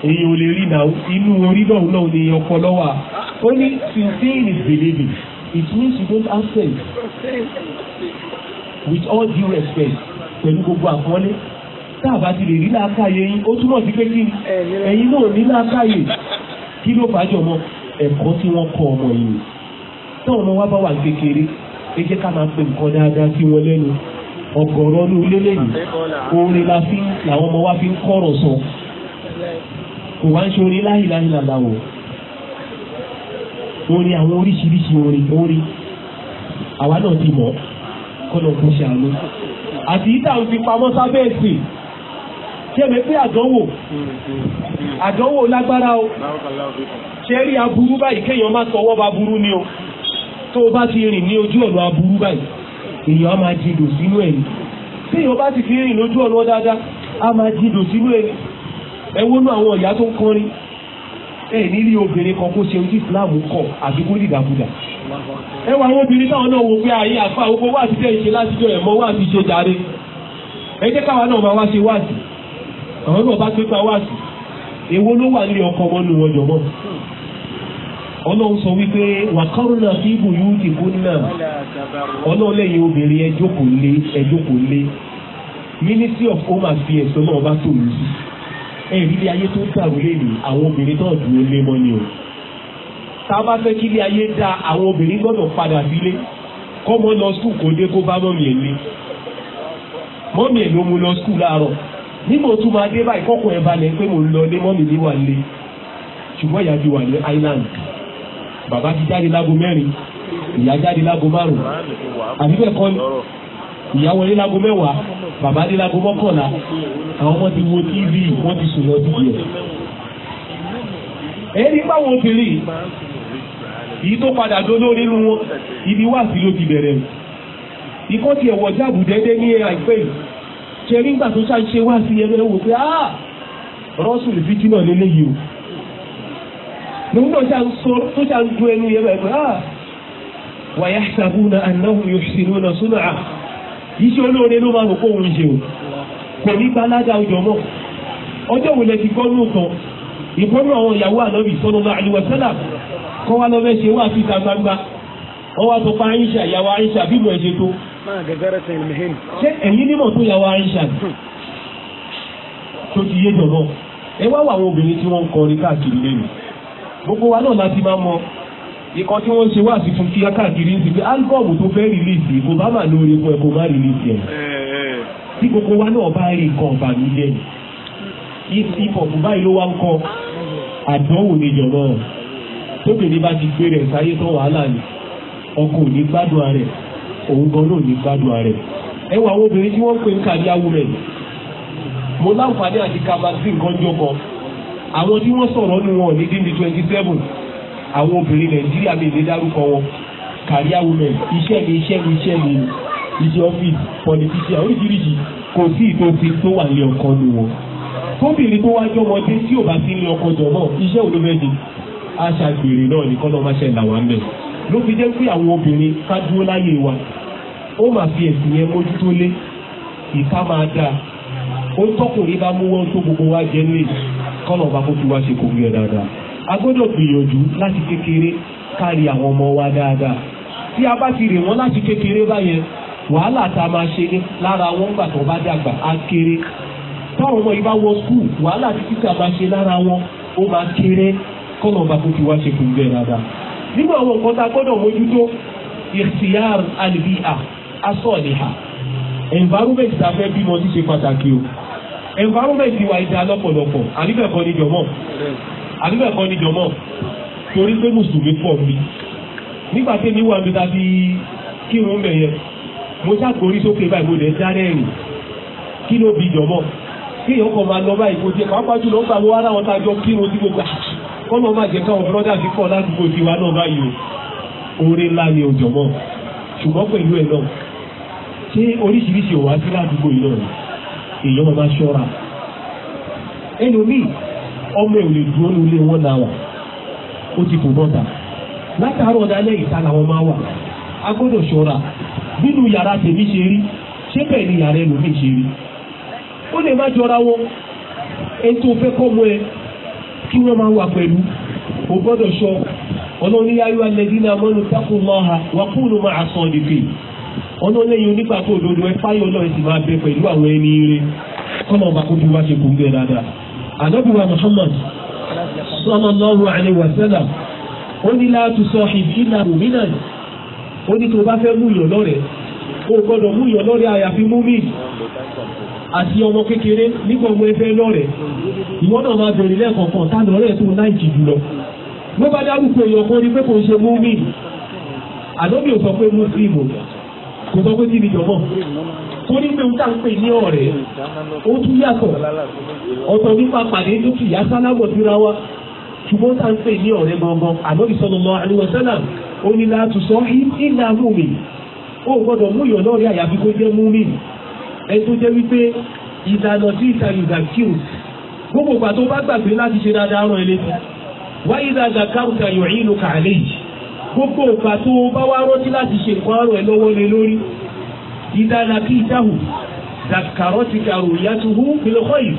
èèyàn ò lè rí náà inú orí náà is believing it means you don't have with all due respect pẹ̀lú gbogbo àpọ́nlé tá a bá ti lè rí làákàyè yín ó túmọ̀ sí pé kí ẹ̀yin náà ní làákàyè kí ló fàájọ mọ ẹ̀kọ́ tí wọ́n kọ ọmọ yìí tí ọmọ wa bá wà kékeré ẹ jẹ́ ká máa pe nǹkan dáadáa sí wọn lẹ́nu ọ̀gọ̀rọ̀ ní ilé lẹ́yìn orin la fi làwọn ọmọ wa fi ń kọ̀rọ̀ sọ kò wá ń ṣe orin láhìláhì làlàwọ̀ orin àwọn oríṣiríṣi orin orin àwa náà ti mọ̀ ọ́ kọ́nà kó ṣàánú àti yìí táwọn fi pamọ́ sábẹ́ ẹ̀sìn ṣẹ́mi pé àdánwò àdánwò lágbára o ṣe rí aburú báyìí kéèyàn má sọ ọwọ́ bá burú ni o tó o bá ti rìn ní ojú ọ̀nà aburú báyìí èèyàn á máa jìndò sínú ẹ̀yìn téèyàn bá ti fi rìn lójú ọ̀nà dáadáa á máa jìndò sínú ẹ̀yìn ẹ wónú àwọn ìyá tó ń kọrin ẹ̀ nílé obìnrin kan kó ṣe ojú ìsìláàmù kọ àbí kó dìdàkudà ẹ wà àwọn obìnrin táwọn náà wo pé ayé àfa gbogbo wá àti tẹ̀yìn ṣe látijọ́ ẹ̀mọ́ wá àti ṣe jàre ẹ jẹ́ káwa náà máa wá ṣe wáàsì àwọn náà bá pépà wáàsì èwo ló wà nílé ọkọ ọmọ nù wọn jọmọ ọlọ́run sọ wípé wàkọ́rùnà fíìbù yóò dìbò náà ọlọ́run lẹ́yìn obìnrin ẹ jókòó lé ẹ jókòó lé ministry of home affairs náà bá tòun sí ẹ̀rí ilé ayé tó dàrú lé ní àwọn obìnrin náà dúró lé mọ́ ni o tá a bá fẹ́ kí ilé ayé da àwọn obìnrin gbọ́dọ̀ padà sílé kọ́mọ lọ skul kò dé kó bá mọ́mì ẹ̀ lé mọ́mì ẹ̀ ló mu lọ skul láàárọ̀ nígbà tó máa dé báyìí kọ́kọ́ ẹ̀ balẹ̀ pé mo ń lọ lé mọ́mì mi wà lé ṣùgbọ́n ìyá ti wà ní island bàbá ti jáde lágo mẹ́rin ìyá jáde lágo márùn-ún àbí bẹ́ẹ̀ kọ́ ni ìyá wọlé lágo mẹ́wàá bàbá dé lágo mọ́kànlá àwọn ọmọ ti wo tv wọ́n ti sùn lọ díẹ̀. èyí ni báwọn obìnrin yìí tó padà dolórí inú wọn ibi wá sí ló ti bẹ̀rẹ̀ ikọ́ tiẹ̀ wọ̀ jáàbù dẹ́dẹ́ ní àìpẹ́ yìí ṣe nígbà tó ṣáà ń ṣe wá sí ẹgbẹ́ wò pé ah rọ́ṣùlù fíjì náà lélẹ́yìí o nígbà tó ṣáà ń dún ẹnu yẹn pé ah wàyà sàbúnà anáhùn yóò ṣe lónà súnà à iṣẹ́ olóore ló máa rò pé òun o kò ní gbalaja ọjọ́ mọ́ ọjọ́ wo lẹ ti gbọ́ lóòótọ́ ìbọn náà àwọn ìyàwó ànábì kọ́ wá lọ́fẹ́ ṣe wá síta gbangba wọ́n wá sọ pé àyíṣà ìyàwó àyíṣà bíbọ̀ ẹ̀ ṣe tó. ṣé ẹ̀yin nímọ̀ tó yàwó àyíṣà hmm. tó ti yé jọ̀bọ̀ ẹ wá wà àwọn obìnrin tí wọ́n ń kọrin káàkiri lẹ́nu gbogbo wa náà láti mọ ikọ̀ tí wọ́n ṣe wá sí fún kíá káàkiri ń tó fẹ́ rìlíìsì kò bá rìlíìsì ẹ̀ eh, eh. tí gbogbo wa náà bá rí nǹkan báyìí ló wá ń kọ àdánwò tóbìnrin bá ti gbé rẹ̀ sáyé tán wàhálà ni ọkọ ò ní gbádùn ara rẹ̀ òun gan náà ò ní gbádùn ara rẹ̀ ẹ wọ àwọn obìnrin tí wọ́n pè ń kàdí awúrẹ̀ mo láǹfààní àti kàmásì nǹkan jọ kan àwọn tí wọ́n sọ̀rọ̀ nù wọn ní díndín twenty seven àwọn obìnrin nàìjíríà mi lè dárúkọ wọn kàdí awúrẹ̀ iṣẹ́ mi iṣẹ́ mi iṣẹ́ mi iṣẹ́ ọ́fíìsì pọlitíṣíà oríṣiríṣi kò sí ìtòsí tó wà ní ọkọ nù wọn tóbìnrin tó wájú ọmọdé tí ò bá sí ní ọkọ jọ náà iṣẹ́ òdòmẹ́dì aṣàgbèrè náà ní kọ́nà máṣẹ́ là wà ló fi jẹ́ pé àwọn obìnrin ká dúró wa ó máa fi ẹ̀sìn yẹn mójútó lé ìka máa dáa ó tọkùnrin bá mú wọn tó gbogbo wa jẹ lé kọ́nà bá kó fi ṣe kò gbìyànjú dáadáa a gbọ́dọ̀ gbìyànjú láti kékeré kárí àwọn ọmọ wa dáadáa tí a bá ti rè wọ́n láti kékeré a máa ṣe ní lára wọn gbà tó bá dàgbà á kéré táwọn ọmọ kọ́nà ọba tó fi wá ṣe fún bẹ́ẹ̀ dáadáa nínú àwọn nǹkan tá a gbọ́dọ̀ mójútó ìṣìyàr àlùbíà aṣọ ìlera environment tá a fẹ́ bímọ ti ṣe pàtàkì o environment wa ìdá lọ́pọ̀lọpọ̀ àníbẹ̀kọ́ ni jọmọ́ àníbẹ̀kọ́ ni jọmọ́ torí pé mùsùlùmí pọ̀ mi nígbà tí mi wà mi tàbí kírun mẹ́yẹ mo ṣàkórí sókè báyìí mo lè dárẹ́ rìn kí ló bi jọmọ́ kí èèyàn máa lọ báyìí kò jẹ́ pàápàá jùlọ ń gbà wọ́n ara wọn tá kírun tí gbogbo àṣ kọ́nà má jẹ́ káwọn brọ́dà ti pọ̀ ládùúgbò tiwa náà báyìí o oore ńlá ni òjò mọ́ ṣùgbọ́n pẹ̀lú ẹ̀ náà ṣé oríṣiríṣi òwá sí ládùúgbò yìí náà èèyàn máa ṣọ́ra ẹlòmíì ọmọ wọn náà wà ó ti bọ́ta látàárọ̀ dálẹ́ ìta làwọn máa wà a gbọ́dọ̀ ṣọ́ra nínú yàrá tèmi ṣe rí ṣé bẹ́ẹ̀ ni yàrá ẹlòmíì ṣe rí ó lè má jọra wọn ofe tó kí wọ́n máa wà pẹ̀lú o gbọ́dọ̀ sọ ọlọ́run yáyọ alẹ́dínlẹ́ amọ́nu tákùn lọ́ha wàkúùnù máa sọ nìfẹ́ ọlọ́lẹ́yìn onígbàgbọ́ òdodo ẹ fáyọ̀ náà sì máa bẹ pẹ̀lú àwọn ẹni rẹ kọ́nà ọba kó fi wá ṣe kùngẹ́ dáadáa. ànábì wa muhammad sallallahu alayhi wa ó ní láti sọ ìdí ìlànà ó ní tó bá fẹ́ mú ìyọ̀ o gbọ́dọ̀ mú yàn lọ́rẹ̀ àyàfi múmi àti ọmọ kékeré nígbà ọmọ ẹfẹ́ lọ́rẹ̀ ìwọ náà máa bẹ̀rẹ̀ lẹ́ẹ̀kọ̀ọ̀kan tá lọ́rẹ̀ tó náà jì jùlọ ló bá dárúkọ èèyàn kan ní pé kò ń ṣe múmi àdóbì ò sọ pé múslim kò sọ pé níbi jọ̀mọ́ kó ní pé ń tà ń pè ní ọ̀rẹ́ ó tún yàtọ̀ ọ̀tọ̀ nípa pàdé dúkìá sálámọ̀ síra wa ṣùgbọ́n tá ń pè ní ọ̀rẹ́ gangan àdóbì sọ̀rọ̀ mọ́ àdúgbò sálàm ó ní láti sọ ìlà múmi ó gbọ́dọ̀ mú yàn lọ́rẹ́ àyàfi kó jẹ́ múmin ẹni tó jẹ́ wípé ìdáná sí ìta ìzàkíù gbogbo ìgbà tó bá gbàgbé láti ṣe dáadáa rán ẹlẹ́tì wá ìdáná káwùtà yàn yín lóka àlẹ́ yìí gbogbo ìgbà tó bá wá rántí láti ṣe nǹkan àrùn ẹ lọ́wọ́ lé lórí ìdáná kí ìdáhù dàkàrọ́ ti kàrò ìyàtúhù fìlọ́kọ́ yìí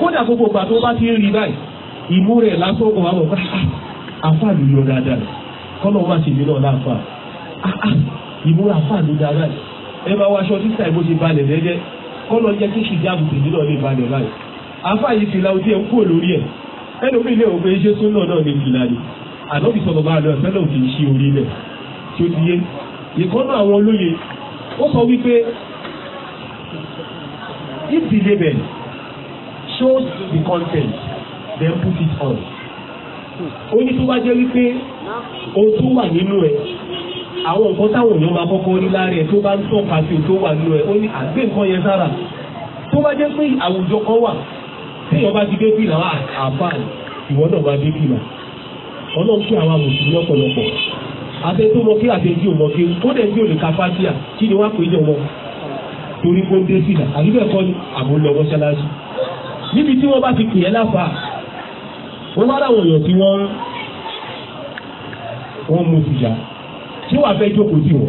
kódà gbogbo ìgbà tó bá ti ń rí báyìí ìmú rẹ̀ lásán kò wá wọ̀ káà ah, ah, àfáà lù yọ dáadáa kọ́lọ́ ìmúra àfáà ló dáa báyìí ẹ máa wọ aṣọ títà ìbò ṣe balẹ̀ lẹ́dẹ́ kọ́lọ́ jẹ́ kí ṣìjà àbùtè nínú ọ̀lẹ́ balẹ̀ báyìí àfáà yìí fìlà ojú ẹ̀ ń kúrò lórí ẹ̀ ẹlòmíì lè òfin ṣe tó náà náà ní fìlà ni ànábì sọ̀rọ̀ bá lọ ẹ̀fẹ́ náà kì í ṣe orí rẹ̀ tí ó ti yé ìkọ́nà àwọn olóye ó sọ wípé if the label shows the content then put it on ó ní tó bá jẹ́ wípé ohun tó wà nínú ẹ̀ àwọn nǹkan táwọn èèyàn máa kọ́kọ́ rí lára ẹ̀ tó bá ń tọ́ka sí tó wà nínú ẹ̀ ó ní àgbé nǹkan yẹn sára tó bá jẹ́ pé àwùjọ kan wà téèyàn bá ti dé fìlà ah, àbá ìwọ náà bá dé fìlà ọlọ́run kí àwọn amòsùn lọ́pọ̀lọpọ̀ àti tó mọ kí àti ẹjí òmọ kí ó dẹ̀ bí olùkà fásíà kí ni wọ́n pè é jọ wọn torí kó ń dé fìlà àbí bẹ́ẹ̀ kọ́ ni àbúlọ mọ́ṣáláṣí níbi tí wọ́n bá ti pè é láfa wọ́n bá láwọn èèyàn tí wọ́n wọ́n mú sìgá ṣé wàá fẹ́ jókòó sí wọ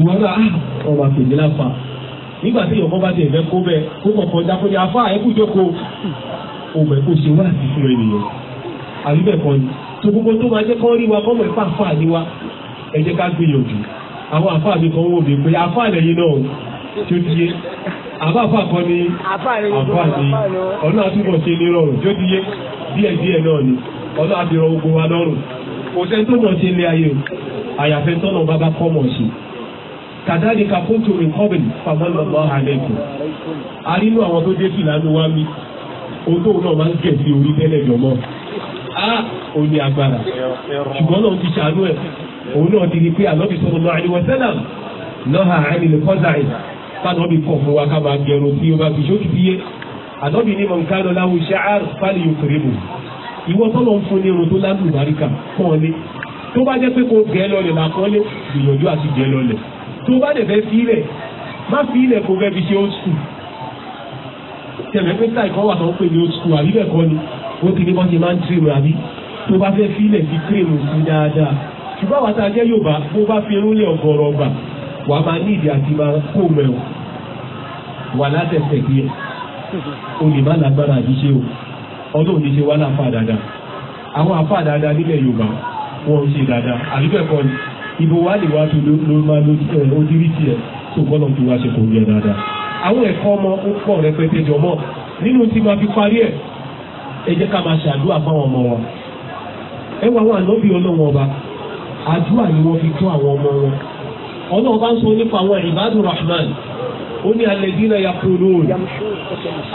ìwọ náà á ọmọ àpèjì láfa nígbà tí ìyọ̀kọ́ bá tiẹ̀ fẹ́ kó bẹ́ẹ̀ kó kọ̀ọ̀kan jákòó ní afá ẹ̀kú jókòó òmò ẹ̀kú ṣe wá àti fún ènìyàn àbí bẹ́ẹ̀ kọ́ ni tó gbogbo tó máa jẹ́ kọ́ rí wa kọ́mọ̀ ẹ̀fà àfà ni wa ẹ jẹ́ ká gbìyànjú àwọn àfà mi kan wò mí pé àfà lẹ́yìn náà tí ó ti yé àbá àfà kan ni àfà ni ọ̀nà àtúbọ̀ ṣe ní rọrùn tí ó ti yé díẹ̀díẹ̀ náà ni ọ̀nà àbírọ̀ ogun wa lọ́rùn kò sẹ́ni tó mọ̀ ṣe ilé ayé o àyàfẹ́ tọ́nà bàbá kọ́mọ̀ sí kàdáàdì kàkóńtò ní kọ́bìlì fàmọ́lọ́mọ́ àlẹ́kù arínú àwọn tó dé fìlànà wa mi odó náà máa ń gẹ̀ sí orí tẹ́lẹ̀ jọmọ́ a ò ní agbára ṣùgbọ́n náà ti ṣàánú ẹ̀ òun náà ti di pé ànábì sallallahu alaihi wasallam lọ́ha àìlè kọ́sàì fànàbì kọ̀ fún wa ká máa gẹrun tí o bá fi ṣókì fiyé ànábì ní mọ̀nkánà láwùjẹ́ àrùn fàlì yóò kéré bò ìwọ tọ́lọ́ ń fún ní irun tó lálùbáríkà kọ́ ọ tó bá jẹ́ pé kó gẹ́ lọlẹ̀ làkọ́lé gbìyànjú àti gẹ́ lọlẹ̀ tó bá dẹ̀ fẹ́ fílẹ̀ má fílẹ̀ kó fẹ́ fi ṣe old school tẹ̀lé pé táì kan wà tó ń pè ní old school àbí bẹ́ẹ̀ kọ́ ni ó ti ní bọ́n ti máa ń tírèmù àbí tó bá fẹ́ fílẹ̀ fi tírèmù sí dáadáa ṣùgbọ́n àwọn àtàjẹ́ Yorùbá bó bá fi irun lé ọ̀gọ̀rọ̀ ọgbà wà á máa ní ìdí àti máa kó mẹ́wọ̀ wà látẹ̀sẹ̀ kí ẹ o má lágbára àdíṣe o ọlọ́run ní ṣe wá láfa dáadáa àwọn àfa dáadáa nílẹ̀ Yorùbá wọ́n ń ṣe dáadáa àdúgbẹ̀kọ́ ni ibo wa lè wá tó ló máa ló ojúrí tiẹ̀ tó gbọ́dọ̀ tó wá ṣe kò yẹ dáadáa. àwọn ẹ̀kọ́ ọmọ ó pọ̀ rẹpẹtẹ jọmọ́ nínú tí máa fi parí ẹ̀ ẹ jẹ́ ká máa ṣàdúrà fáwọn ọmọ wa. ẹ wá wọn ànábì ọlọ́wọ́n ọba àdúrà ni wọ́n fi tó àwọn ọmọ wọn. ọlọ́wọ́n bá ń sọ nípa àwọn ìbádùn rahman ó ní alẹ́dínà yakulun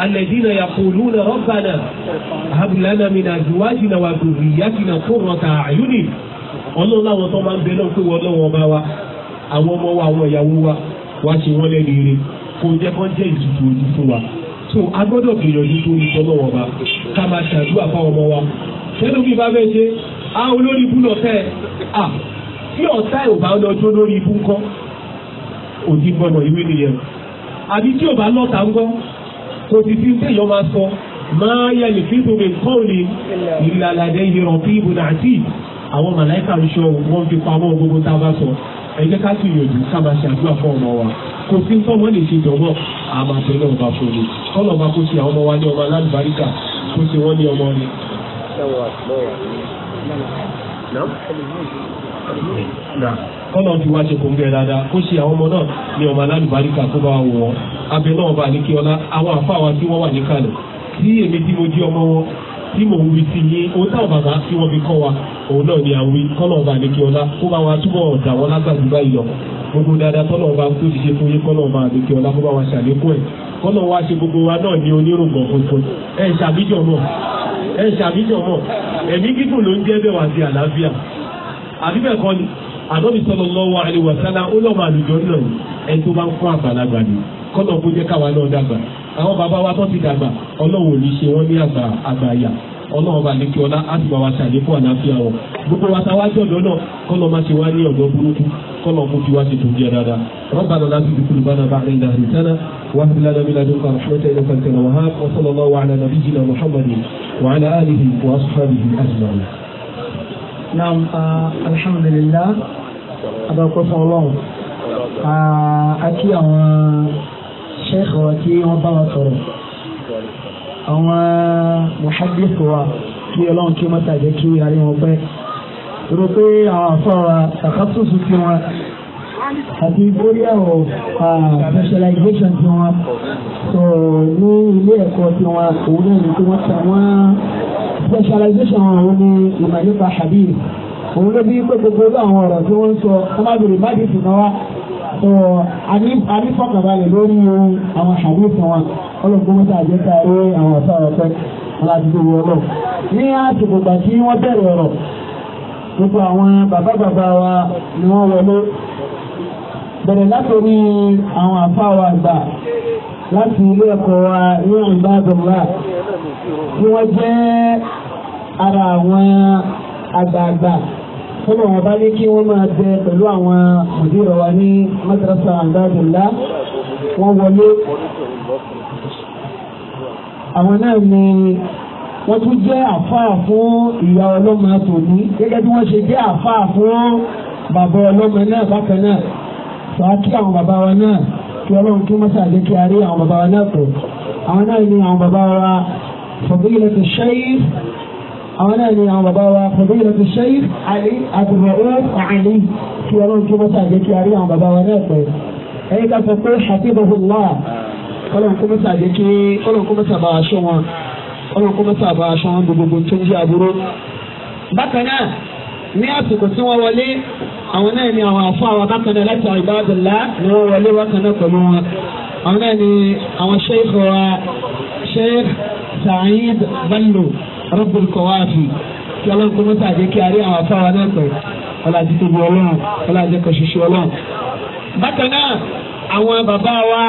alẹ́dínà yakulun na rabbana hablana min azwajina wa dhurriyyatina qurrata a'yuni ọlọ́run láwọn tó máa ń bẹ náà pé wọ́n lọ́wọ́ ọba wa àwọn ọmọ wa àwọn ìyàwó wa wá ṣe wọ́n lẹ́nu ire kó jẹ́ kó jẹ́ ìtùtù ojú fún wa so a gbọ́dọ̀ gbìyànjú tó ní tọ́lọ́ wọn ba ká máa ṣàdúrà fáwọn ọmọ wa tẹ́lú bí bá bẹ́ẹ̀ ṣe a olórí ibú lọ tẹ́ à tí ọ̀tá ò bá lọ tó lórí ibú ńkọ́ òdì gbọ́dọ̀ ìwé nìyẹn àbí tí ò bá lọ́ta ń gbọ́ kò sì sí téèyàn máa sọ máa yẹ lè fi tóbi nǹkan òní ìlàlàdé ìrọ̀ bí ibùdó àti àwọn màláìka ń sọ wọn fi pamọ́ gbogbo tá a bá sọ ẹ ká sì yànjú ká máa ṣe àdúrà fún ọmọ wa kò sí tọ́mọ lè ṣe jọ̀mọ́ àmàtẹ́ náà bá fún mi kọ́lọ̀ bá kó ṣe àwọn ọmọ wa ní ọmọ alábàríkà kó ṣe wọ́n ní ọmọ ni. kọ́nà tí wàá ṣe kò ń gẹ̀ dáadáa kó ṣe àwọn ọmọ náà ní ọmọ alálùbáríkà kó bá wù wọn abẹ náà bá ní kí ọlá àwọn àfa wa tí wọ́n wà tí èmi tí mo jí ọmọ ni kọ́nà bá ní kí ọlá kó bá wa túbọ̀ gbogbo dáadáa tọ́nà ọba ti ṣe fún yín ọba ọlá kó bá wa ṣàlékún gbogbo wa àbíbẹ̀ kọ́ ni ànábì sallallahu alaihi wasallam ó lọ́mọ àlùjọ náà ni ẹni tó bá ń fún àgbàlagbà ni kọ́nà bó jẹ́ káwa náà dàgbà àwọn bàbá wa tó ti dàgbà ọlọ́run ò ní ṣe wọ́n ní àgbà àgbàyà ọlọ́run bá lè kí ọlá á sì bá wa ṣàlẹ́ fún àlàáfíà wọn gbogbo wa ta wá jọ̀dọ̀ náà kọ́nà má ṣe wá ní ọ̀dọ́ burúkú kọ́nà kó fi wá ṣe tó jẹ́ dáadáa ربنا لا تزغ قلوبنا بعد إذ هديتنا وهب لنا من لدنك رحمة إنك أنت الوهاب وصلى الله على نبينا محمد وعلى آله وأصحابه أجمعين naam ah, alhamdulillah abakọ̀ fún ọlọ́run àti ah, àwọn sheikh wa tí wọ́n bá wa sọ̀rọ̀ àwọn muhaddith wa kí ọlọ́run kí wọ́n tàjẹ́ kí arí wọn pẹ́ rò pé àwọn àfọwà àkàtúntò tí wọn àti bórí àwọn ah, specialization tí wọn sọ ní ilé ẹ̀kọ́ tí wọn òun náà ní kí wọ́n ta wọ́n specialization àwọn ni ìmọ̀ nípa hadith òun ló bí pé gbogbo olú àwọn ọ̀rọ̀ tí wọ́n ń sọ wọ́n má bèrè máàdì fún wa so a ní fọkànbalẹ̀ lórí àwọn hadith wọn ọlọ́gbọ́n tó àjẹta ẹ àwọn ọ̀sán ọ̀pẹ aládùúgbò wọn lọ. ní àsìkò gbà tí wọ́n bẹ̀rẹ̀ ọ̀rọ̀ gbogbo àwọn bàbá bàbá wa ni wọ́n wọlé bẹ̀rẹ̀ látòrí àwọn àfáà wa àgbà láti ilé ẹ̀kọ́ wa ní ìbádọ́lá tí wọ́n jẹ́ ara àwọn àgbààgbà fúnà wọn bá ní kí wọ́n máa bẹ pẹ̀lú àwọn òdìrọ̀ wa ní madrasa àgbàdùnlá wọ́n wọlé àwọn náà ni wọ́n tún jẹ́ àfáà fún ìyá ọlọ́mọ tòní gẹ́gẹ́ bí wọ́n ṣe jẹ́ àfáà fún bàbá ọlọ́mọ náà bákan náà sọ àwọn bàbá wa náà kí ọlọ́run kí mọ́sá àjẹ́ kí a rí àwọn bàbá wa náà pẹ̀ àwọn náà ni àwọn bàbá wa fadilatu shaykh àwọn náà ni àwọn bàbá wa fadilatu shaykh Ali Abdulrauf Ali kí ọlọ́run kí mọ́sá àjẹ́ kí a rí àwọn bàbá wa náà pẹ̀ ẹ̀yìn ká sọ pé hafidhahullah ọlọ́run kí mọ́sá àjẹ́ kí ọlọ́run kí mọ́sá bá bá aṣọ wọn gbogbo tó ń jẹ́ àbúrò bákan náà ní àsìkò tí wọ́n wọlé àwọn náà ni àwọn àfọ àwọn akẹ́kọ̀ọ́ náà láti Ibadillah ni wọ́n wọlé wákan náà pẹ̀lú wọn àwọn náà ni àwọn sheikh wa sheikh Saheed Bello Rabbul Kawafi kí ọlọ́run kó mọ́tà jẹ́ kí a rí àwọn afọ àwọn náà pẹ̀ ọlọ́àjẹ́ tóbi ọlọ́run ọlọ́àjẹ́ kan ṣoṣo ọlọ́run. bákan náà àwọn bàbá wa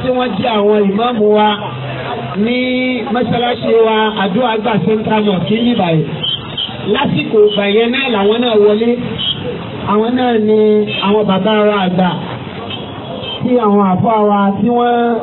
tí wọ́n jẹ́ àwọn ìmáàmù wa ní mọ́ṣáláṣí wa àdúrà àgbà lásìkò ìgbà yẹn náà làwọn náà wọlé àwọn náà ni àwọn bàbá wa àgbà tí àwọn àfọ àwa tí wọ́n.